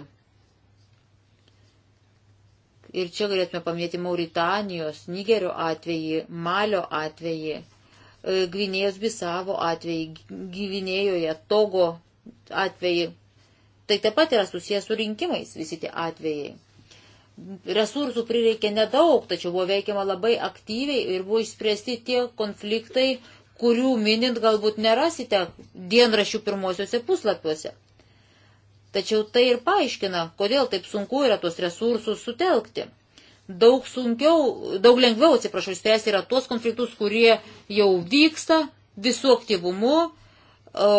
Ir čia galėtume paminėti Mauritanijos, Nigerio atvejį, Malio atvejį, E, Gvinėjos Bisavo atvejį, Gvinėjoje, Togo atvejį. Tai taip pat yra susijęs su rinkimais visi tie atvejai. Resursų prireikė nedaug, tačiau buvo veikiama labai aktyviai ir buvo išspręsti tie konfliktai, kurių minint galbūt nerasite dienrašių pirmosiuose puslapiuose. Tačiau tai ir paaiškina, kodėl taip sunku yra tuos resursus sutelkti daug sunkiau, daug lengviau, atsiprašau, spręsti yra tuos konfliktus, kurie jau vyksta visų aktyvumu, o,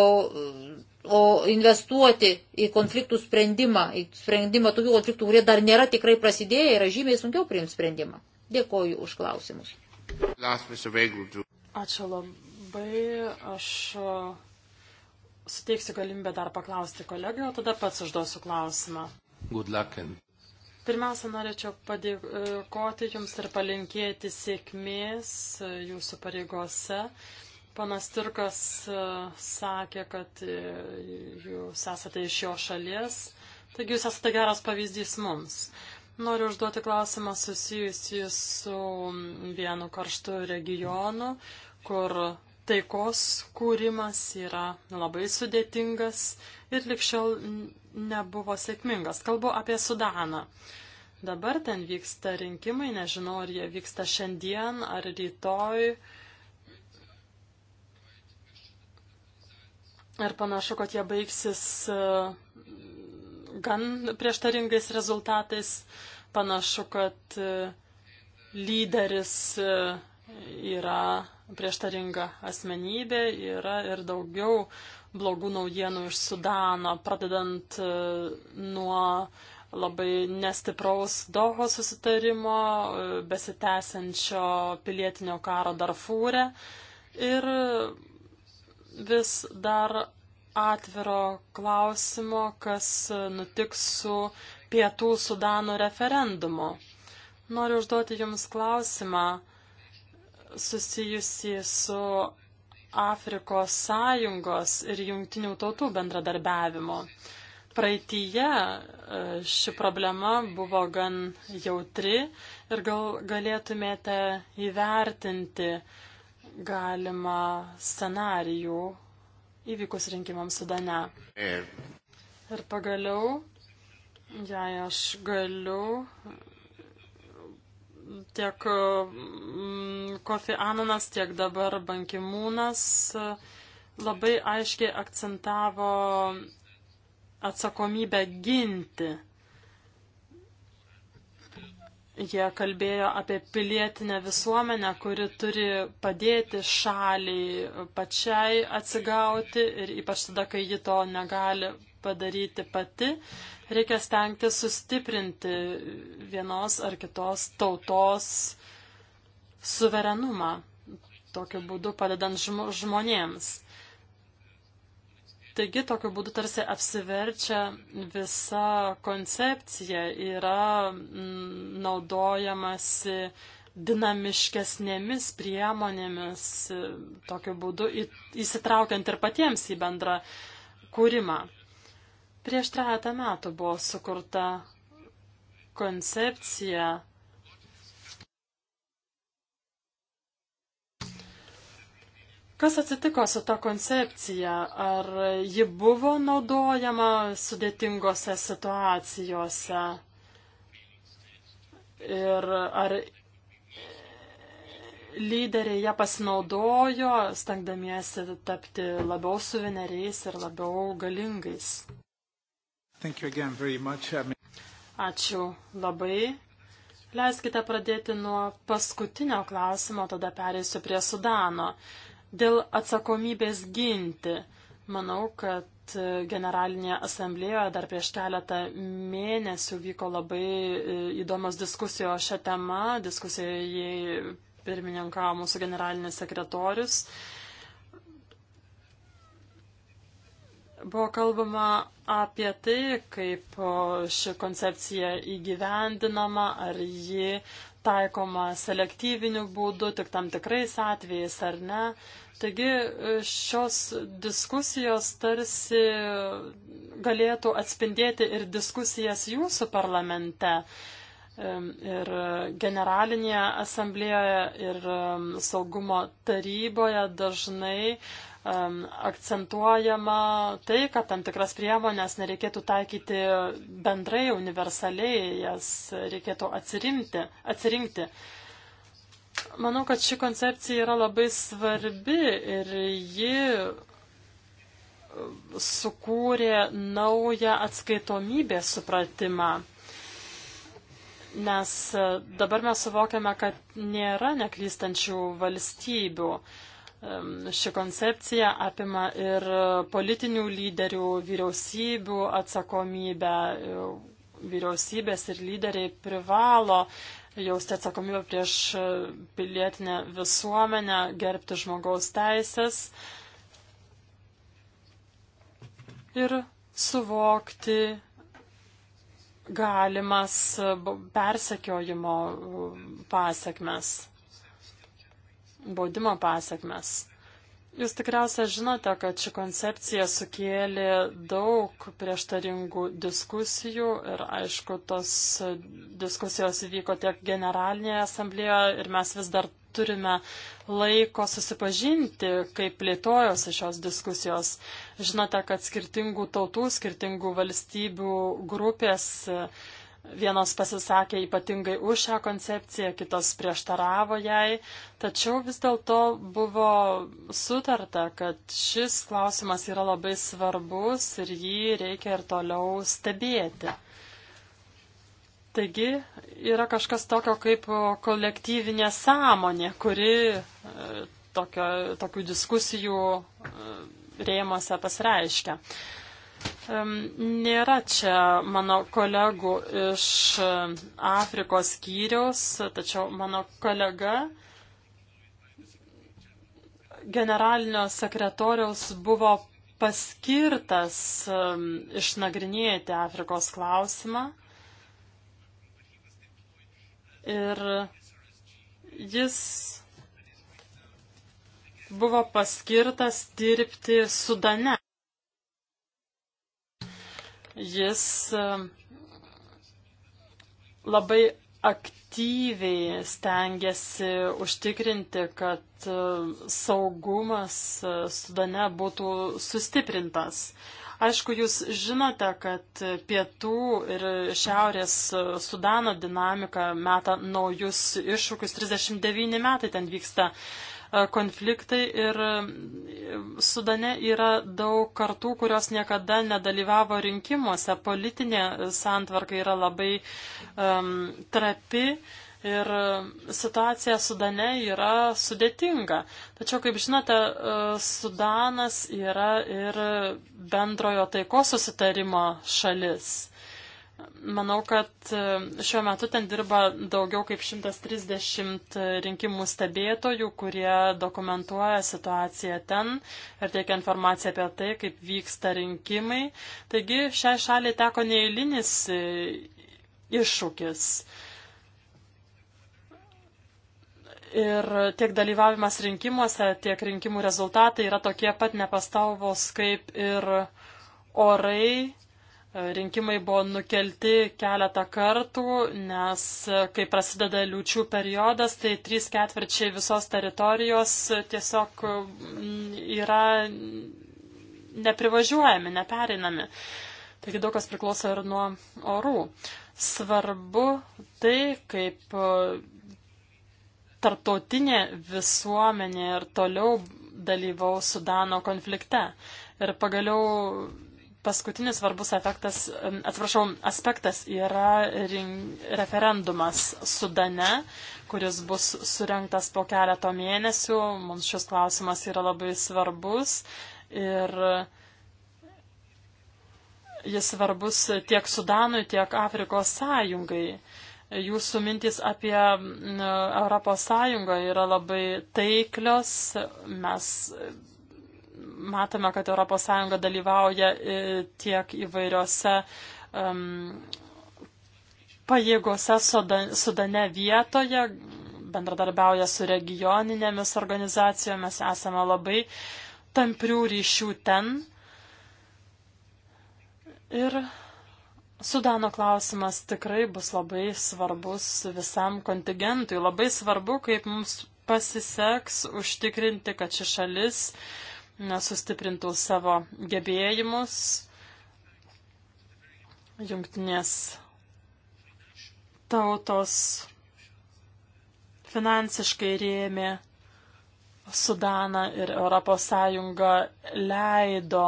o investuoti į konfliktų sprendimą, į sprendimą tokių konfliktų, kurie dar nėra tikrai prasidėję, yra žymiai sunkiau priimti sprendimą. Dėkoju už klausimus. Ačiū labai. Aš suteiksiu galimybę dar paklausti kolegijų, o tada pats užduosiu klausimą. Good luck. And... Pirmiausia, norėčiau padėkoti Jums ir palinkėti sėkmės e, Jūsų pareigose. Panas Turkas e, sakė, kad e, Jūs esate iš jo šalies, taigi Jūs esate geras pavyzdys mums. Noriu užduoti klausimą susijusį su vienu karštu regionu, kur taikos kūrimas yra labai sudėtingas, ir likščiau nebuvo sėkmingas. Kalbu apie Sudaną. Dabar ten vyksta rinkimai, nežinau, ar jie vyksta šiandien ar rytoj. Ir panašu, kad jie baigsis e, gan prieštaringais rezultatais. Panašu, kad e, lyderis e, yra prieštaringa asmenybė, yra ir daugiau blogų naujienų iš Sudano, pradedant e, nuo labai nestipraus Doho susitarimo, e, besitęsiančio pilietinio karo Darfūre ir vis dar atviro klausimo, kas nutiks su pietų Sudano referendumu. Noriu užduoti Jums klausimą susijusį su Afrikos sąjungos ir jungtinių tautų bendradarbiavimo. Praeitįje e, ši problema buvo gan jautri ir gal galėtumėte įvertinti galimą scenarijų įvykus rinkimams Sudane. E. Ir pagaliau, jei aš galiu, tiek mm, Kofi Ananas, tiek dabar Bankimūnas e, labai aiškiai akcentavo atsakomybę ginti. Jie kalbėjo apie pilietinę visuomenę, kuri turi padėti šaliai pačiai atsigauti ir ypač tada, kai ji to negali padaryti pati, reikia stengti sustiprinti vienos ar kitos tautos suverenumą, tokiu būdu padedant žmonėms. Taigi tokiu būdu tarsi apsiverčia visa koncepcija, yra mm, naudojamasi dinamiškesnėmis priemonėmis, tokiu būdu įsitraukiant ir patiems į bendrą kūrimą. Prieš trejata metų buvo sukurta koncepcija Kas atsitiko su ta koncepcija? Ar ji buvo naudojama sudėtingose situacijose? Ir ar lyderiai ją pasinaudojo, stengdamiesi tapti labiau suveneriais ir labiau galingais? Ačiū labai. Leiskite pradėti nuo paskutinio klausimo, tada pereisiu prie Sudano. Dėl atsakomybės ginti, manau, kad Generalinėje asamblėjoje dar prieš keletą mėnesių vyko labai e, įdomios diskusijos šią temą. Diskusijoje pirmininkavo mūsų generalinis sekretorius. Uh, Buvo kalbama apie tai, kaip ši koncepcija įgyvendinama, ar ji taikoma selektyviniu būdu, tik tam tikrais atvejais ar ne. Taigi šios diskusijos tarsi galėtų atspindėti ir diskusijas jūsų parlamente ir generalinėje asamblėje ir saugumo taryboje dažnai akcentuojama tai, kad tam tikras priemonės nereikėtų taikyti bendrai, universaliai, jas reikėtų atsirimti, atsirinkti. Manau, kad ši koncepcija yra labai svarbi ir ji sukūrė naują atskaitomybės supratimą. Nes dabar mes suvokiame, kad nėra neklystančių valstybių. Uh, Ši koncepcija apima ir e, politinių lyderių, vyriausybių atsakomybę. E, vyriausybės ir lyderiai privalo jausti atsakomybę prieš e, pilietinę visuomenę, gerbti žmogaus teisės ir suvokti galimas persekiojimo pasiekmes baudimo pasakmes. Jūs tikriausiai žinote, kad ši koncepcija sukėlė daug prieštaringų diskusijų ir aišku, tos diskusijos įvyko tiek generalinėje asamblėje ir mes vis dar turime laiko susipažinti, kaip plėtojosi šios diskusijos. Žinote, kad skirtingų tautų, skirtingų valstybių grupės Vienos pasisakė ypatingai už šią koncepciją, kitos prieštaravo jai, tačiau vis dėlto buvo sutarta, kad šis klausimas yra labai svarbus ir jį reikia ir toliau stebėti. Taigi yra kažkas tokio kaip kolektyvinė sąmonė, kuri e, tokio, tokių diskusijų e, rėmose pasireiškia. Nėra čia mano kolegų iš Afrikos skyriaus, tačiau mano kolega generalinio sekretoriaus buvo paskirtas išnagrinėti Afrikos klausimą. Ir jis buvo paskirtas dirbti Sudane. Jis um, labai aktyviai stengiasi užtikrinti, kad um, saugumas uh, Sudane būtų sustiprintas. Aišku, jūs žinote, kad pietų ir šiaurės uh, Sudano dinamika meta naujus iššūkius. 39 metai ten vyksta konfliktai ir e, Sudane yra daug kartų, kurios niekada nedalyvavo rinkimuose. Politinė santvarka yra labai um, trapi. Ir e, situacija Sudane yra sudėtinga. Tačiau, kaip žinote, e, Sudanas yra ir bendrojo taiko susitarimo šalis. Manau, kad e, šiuo metu ten dirba daugiau kaip 130 e, rinkimų stebėtojų, kurie dokumentuoja situaciją ten ir teikia informaciją apie tai, kaip vyksta rinkimai. Taigi šiai šaliai teko neįlinis e, iššūkis. Ir tiek dalyvavimas rinkimuose, tiek rinkimų rezultatai yra tokie pat nepastovos kaip ir orai Rinkimai buvo nukelti keletą kartų, nes kai prasideda liučių periodas, tai trys ketvirčiai visos teritorijos tiesiog mm, yra neprivažiuojami, neperinami. Taigi daug kas priklauso ir nuo orų. Svarbu tai, kaip e, tartautinė visuomenė ir toliau dalyvaus Sudano konflikte. Ir pagaliau paskutinis svarbus efektas, atsiprašau, aspektas yra referendumas Sudane, kuris bus surinktas po keleto mėnesių. Mums šis klausimas yra labai svarbus ir jis svarbus tiek Sudanui, tiek Afrikos sąjungai. Jūsų mintys apie Europos sąjungą yra labai taiklios. Mes matome, kad ES dalyvauja e, tiek įvairiose um, pajėgose sudane vietoje, bendradarbiauja su regioninėmis organizacijomis, esame labai tamprių ryšių ten. Ir Sudano klausimas tikrai bus labai svarbus visam kontingentui. Labai svarbu, kaip mums pasiseks užtikrinti, kad ši šalis uh, na, sustiprintų savo gebėjimus jungtinės tautos finansiškai rėmė Sudaną ir ES leido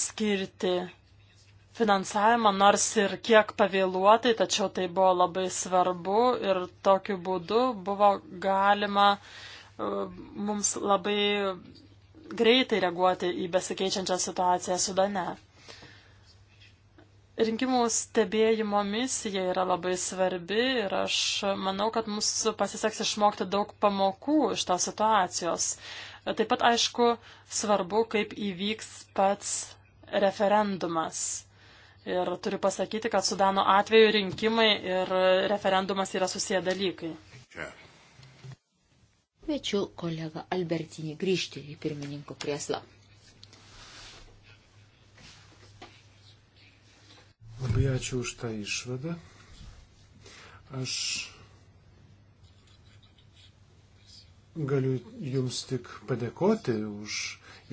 skirti finansavimą, nors ir kiek pavėluotai, tačiau tai buvo labai svarbu ir tokiu būdu buvo galima uh, mums labai greitai reaguoti į besikeičiančią situaciją Sudane. Rinkimų stebėjimo misija yra labai svarbi ir aš manau, kad mums pasiseks išmokti daug pamokų iš tos situacijos. Taip pat, aišku, svarbu, kaip įvyks pats referendumas. Ir turiu pasakyti, kad Sudano atveju rinkimai ir referendumas yra susiję dalykai. Čia. Kviečiu kolegą Albertinį grįžti į pirmininko krėslą. Labai ačiū už tą išvadą. Aš galiu Jums tik padėkoti už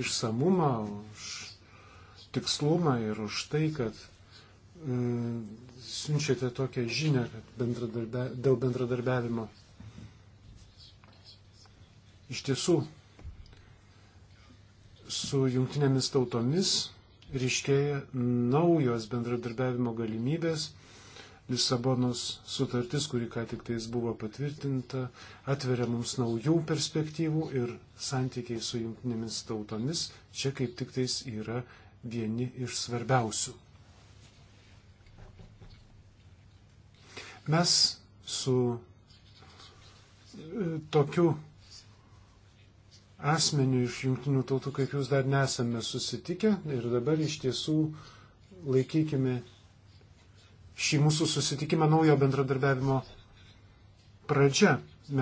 išsamumą, už tikslumą ir už tai, kad e, siunčiate tokią žinę bendradarbia, dėl bendradarbiavimo. Iš tiesų, su jungtinėmis tautomis ryškėja naujos bendradarbiavimo galimybės. Lisabonos sutartis, kuri ką tik tais buvo patvirtinta, atveria mums naujų perspektyvų ir santykiai su jungtinėmis tautomis čia kaip tik tais yra vieni iš svarbiausių. Mes su e, tokiu asmenių iš jungtinių tautų, kaip jūs dar nesame susitikę ir dabar iš tiesų laikykime šį mūsų susitikimą naujo bendradarbiavimo pradžia.